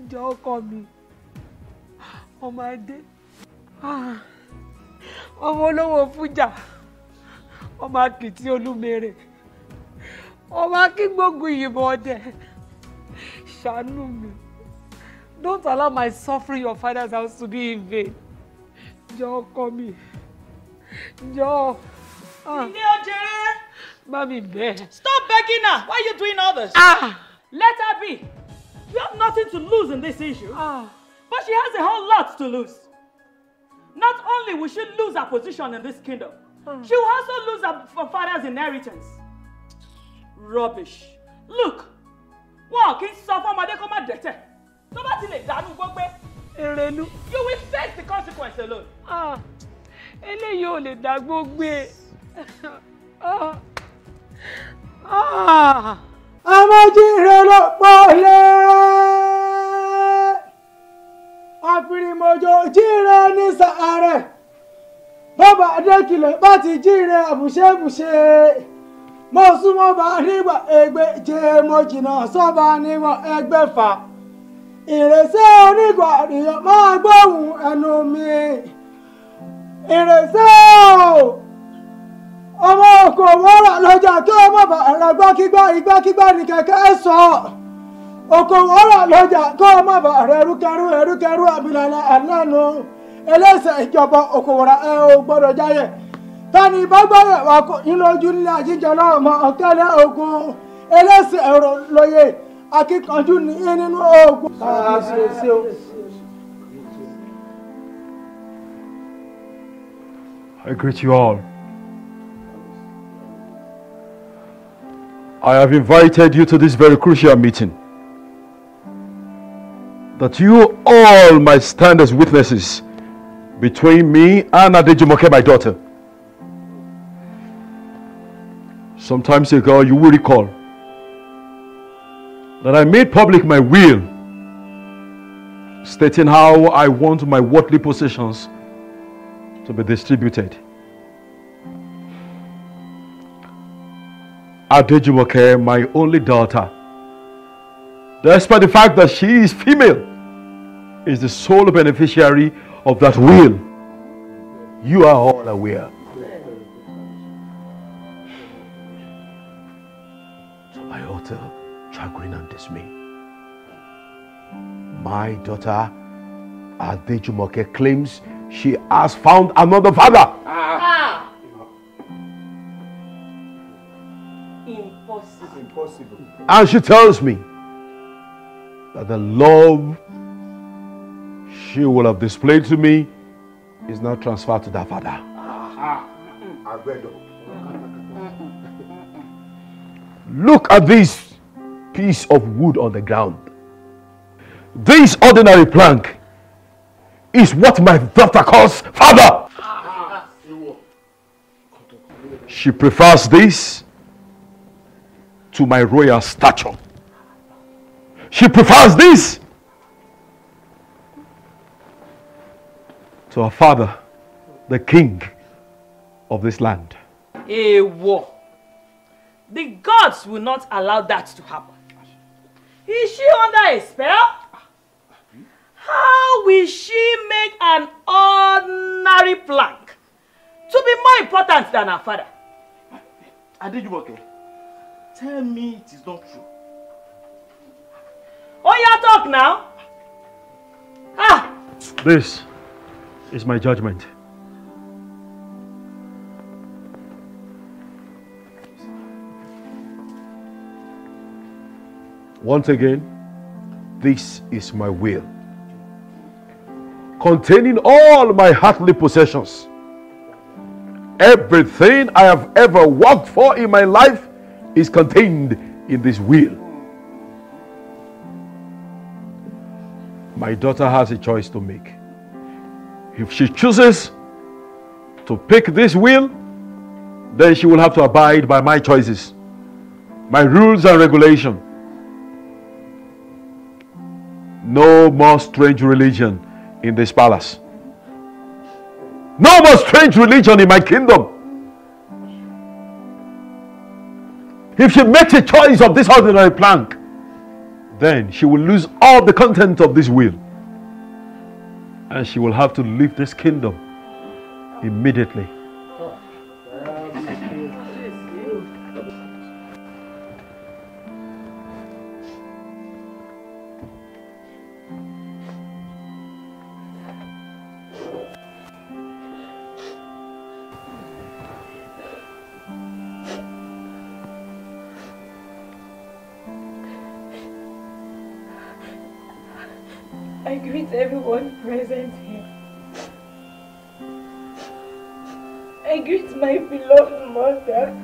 don't call me mi? my day. Ah! Ọmọ olówó Fújà. Ọmọ Akìtì Olúmere. Ọmọ Akíngbógun Ìyìnbọn Ọdẹ. Ṣàánú mi. Don't allow my suffering your father's house to be in vain jọ ọkọ mi jọ. Ah. ilé ọjẹrẹ. mami bẹ́ẹ̀. stop begging her why you doing all this. ah. let her be you have nothing to lose in this issue. ah. but she has a whole lot to lose. not only will she lose her position in this kingdom. Hmm. She will also lose her, her father's inheritance. Rubbish. Look, wọn kì í sọ fọmọdé kó má dẹ̀tẹ̀. Tó bá ti lè dànù gbogbo. Èrèlú. You will face the consequence alone. Ah, eléyìí ò lè dàgbò gbé amójúre ló pọ́lẹ́ àfìrìmọ̀jọ jíire ní sàárẹ̀ bàbá adékìlẹ̀ bá ti jíire àbùṣẹ́bùṣẹ́ mo súnmọ́ bá nígbà ègbè jẹ́ mo jìnnà sọ́ba níwọ̀n ẹgbẹ̀fà ìrẹsẹ̀ onígbà nìyẹn máa gbóhùn ẹnu mi. ìrèsè o ọmọ òkò wọ́rà lọ́jà kí ọmọ bàrà gbákígbá igbákígbá ní kẹ̀kẹ́ sọ òkò wọ́rà lọ́jà kí ọmọ bàrà ẹrúkẹrú ẹrúkẹrú àbìlànà àlànà ẹlẹ́sẹ̀ ìjọba òkò wọ́rà ẹ ò gbọ́dọ̀ jáyẹ̀ tani bọ́gbọ́dọ̀ wà kó nílójú nílẹ̀ àjíjọ náà mọ ọ̀kẹ́lẹ́ ogun ẹlẹ́sẹ̀ ẹ̀rọ lóye akíkanjú ní nínú ogun. I greet you all. I have invited you to this very crucial meeting that you all might stand as witnesses between me and Adejumoke, my daughter. Sometimes ago, you will recall that I made public my will, stating how I want my worldly possessions to be distributed. Adejumoke, my only daughter, despite the fact that she is female, is the sole beneficiary of that will. You are all aware. To my ought chagrin and dismay. My daughter Adejumoke claims she has found another father. Ah. Impossible. Impossible. And she tells me that the love she will have displayed to me is now transferred to that father. Ah. Look at this piece of wood on the ground. This ordinary plank is what my daughter calls father. She prefers this to my royal stature. She prefers this to her father, the king of this land. A war. The gods will not allow that to happen. Is she under a spell? How will she make an ordinary plank to be more important than her father? okay? tell me it is not true. Oh, your talk now. Ah! This is my judgment. Once again, this is my will containing all my earthly possessions. Everything I have ever worked for in my life is contained in this will. My daughter has a choice to make. If she chooses to pick this will, then she will have to abide by my choices, my rules and regulation. No more strange religion in this palace. No more strange religion in my kingdom. If she makes a choice of this ordinary plank, then she will lose all the content of this will. And she will have to leave this kingdom immediately. with everyone present here. I greet my beloved mother,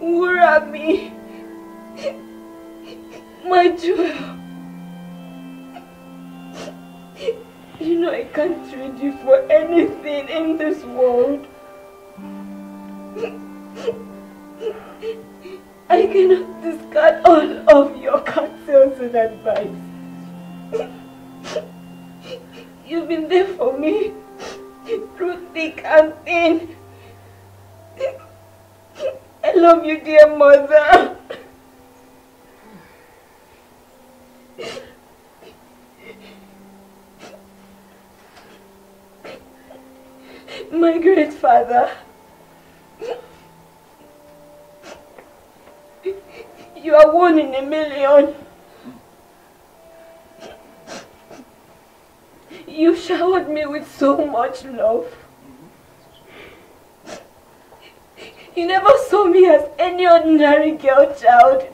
Urami, my jewel. You know I can't trade you for anything in this world. I cannot discard all of your counsels and advice. You've been there for me through thick and thin. I love you, dear mother. My great father. You are one in a million. You showered me with so much love. You never saw me as any ordinary girl child.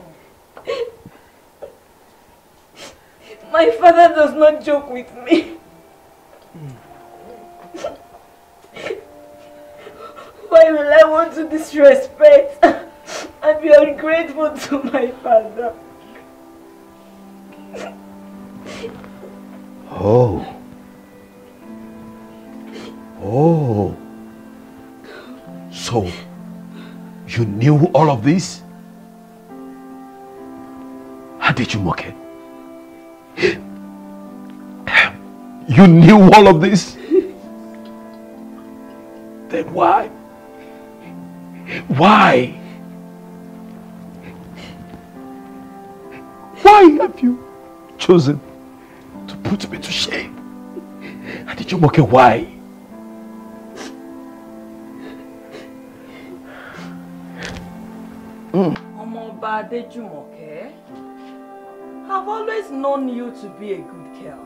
My father does not joke with me. Why will I want to disrespect? I feel ungrateful to my father. Oh. Oh. So, you knew all of this? How did you mock it? You knew all of this? then why? Why? Why have you chosen to put me to shame? Did you mock Adejumoke, why? Ọmọọba mm. Adejumoke, I've always known you to be a good girl.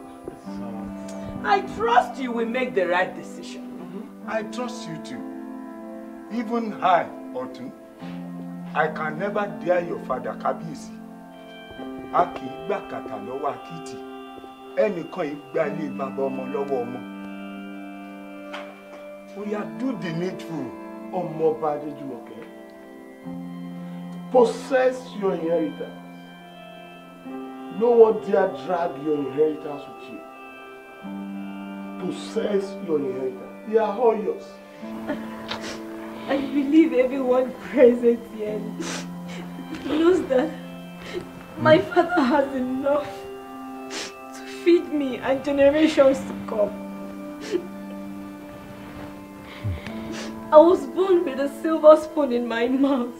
I trust you will make the right decision. Mm -hmm. I trust you too. Even I, Otun, I can never dare your father, Kabisi a kì í gbà kàkà lọ́wọ́ akitì ẹnìkan ìgbàlè bàbá ọmọ lọ́wọ́ ọmọ oya do the needful ọmọọba adéjúmọ̀kẹ́ possess your inheritance no one dare drag your inheritance with you possess your inheritance they are all yours. I believe everyone present here knows that. My father has enough to feed me and generations to come. I was born with a silver spoon in my mouth.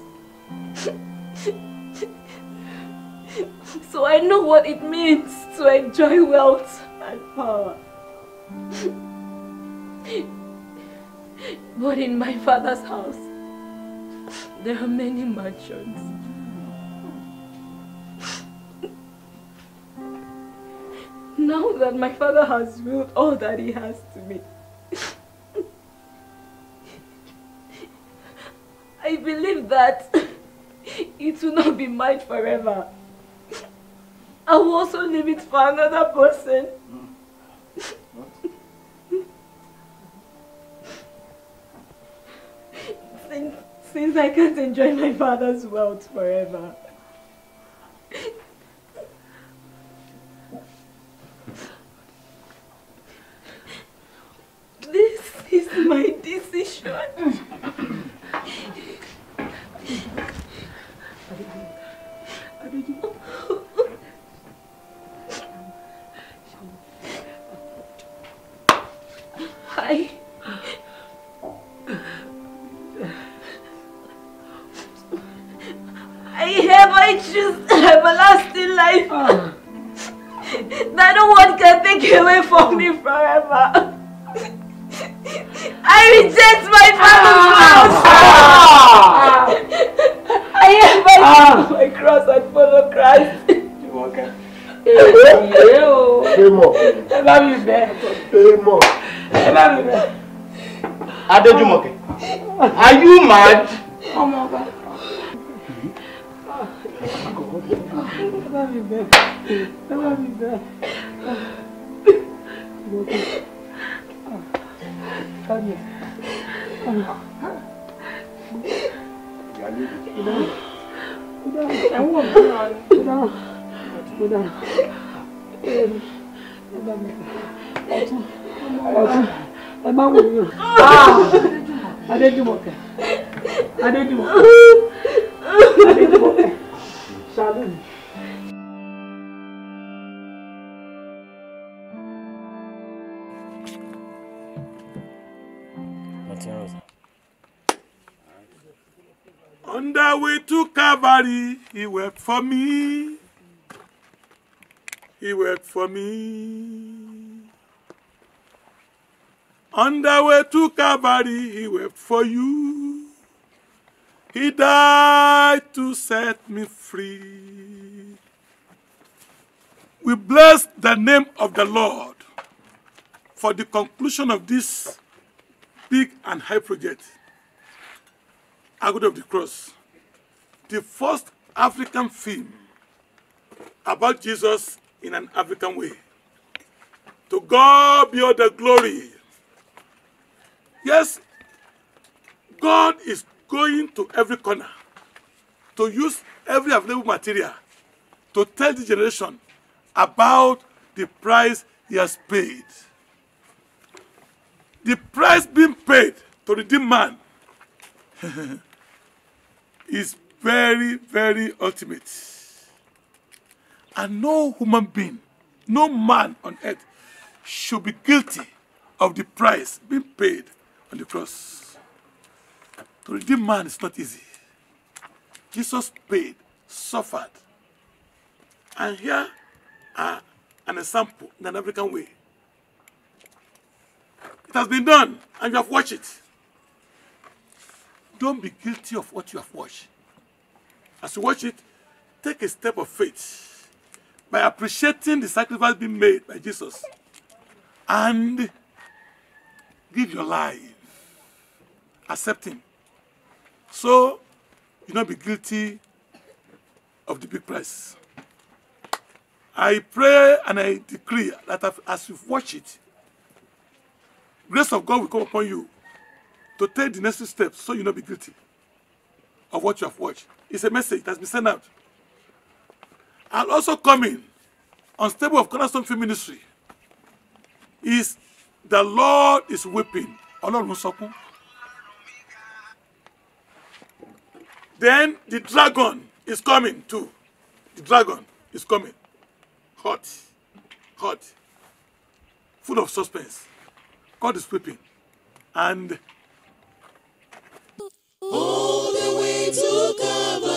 so I know what it means to enjoy wealth and power. But in my father's house, there are many mansions. Now that my father has willed all that he has to me, I believe that it will not be mine forever. I will also leave it for another person. since, since I can't enjoy my father's wealth forever. This is my decision. Hi, I have I choose everlasting life. Ah. that no one can take away from me forever. I reject my father's house. Ah. I am my, ah. my cross and follow Christ. Ẹ bá mi bẹ̀. Ẹ bá mi bẹ̀. Adéjúmọ̀kẹ́, are you mad? Ọmọ ọba bá mi bẹ̀ ẹ bá mi bẹ̀ mo tó kámi ẹ̀wọ̀n mi On the way to Calvary, he wept for me. He wept for me. On the way to Calvary, he wept for you. He died to set me free. We bless the name of the Lord for the conclusion of this big and high project, Agony of the Cross, the first African film about Jesus in an African way. To God be all the glory. Yes, God is going to every corner to use every available material to tell the generation about the price he has paid. The price being paid to redeem man is very, very ultimate. And no human being, no man on earth should be guilty of the price being paid on the cross. To redeem man is not easy. Jesus paid, suffered. And here are an example in an African way. It has been done, and you have watched it. Don't be guilty of what you have watched. As you watch it, take a step of faith by appreciating the sacrifice being made by Jesus and give your life, accept Him So you not be guilty of the big price. I pray and I decree that as you watch it, grace of God will come upon you to take the necessary steps so you not be guilty of what you have watched. It's a message that's been sent out. And also coming on stable of Cornerstone Film Ministry is the Lord is weeping. Ọlọ́run sọkún. Then the dragon is coming too. The dragon is coming. Hot. Hot. Full of suspense. God is weeping. And. All the way to Calvary.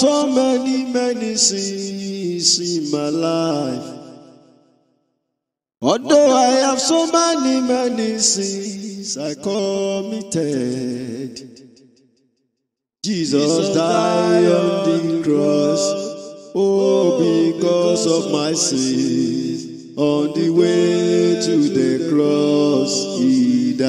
so many, many sins in my life. Although I have so many, many sins I committed. Jesus died on the cross, oh, because of my sins. On the way to the cross, he died.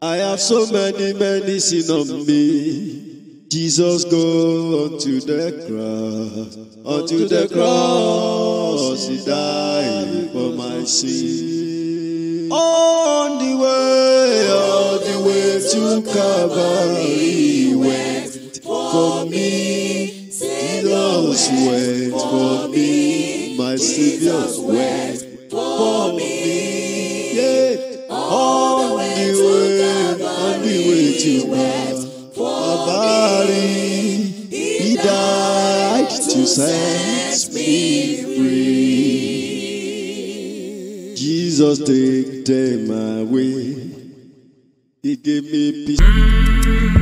I have so many, many sins on me. Jesus go unto the cross, unto the cross, he died for my sin. On the way, on the way to Calvary, went for me. Jesus went for me, my Savior went. sets me free. Jesus, take them away. He gave me peace.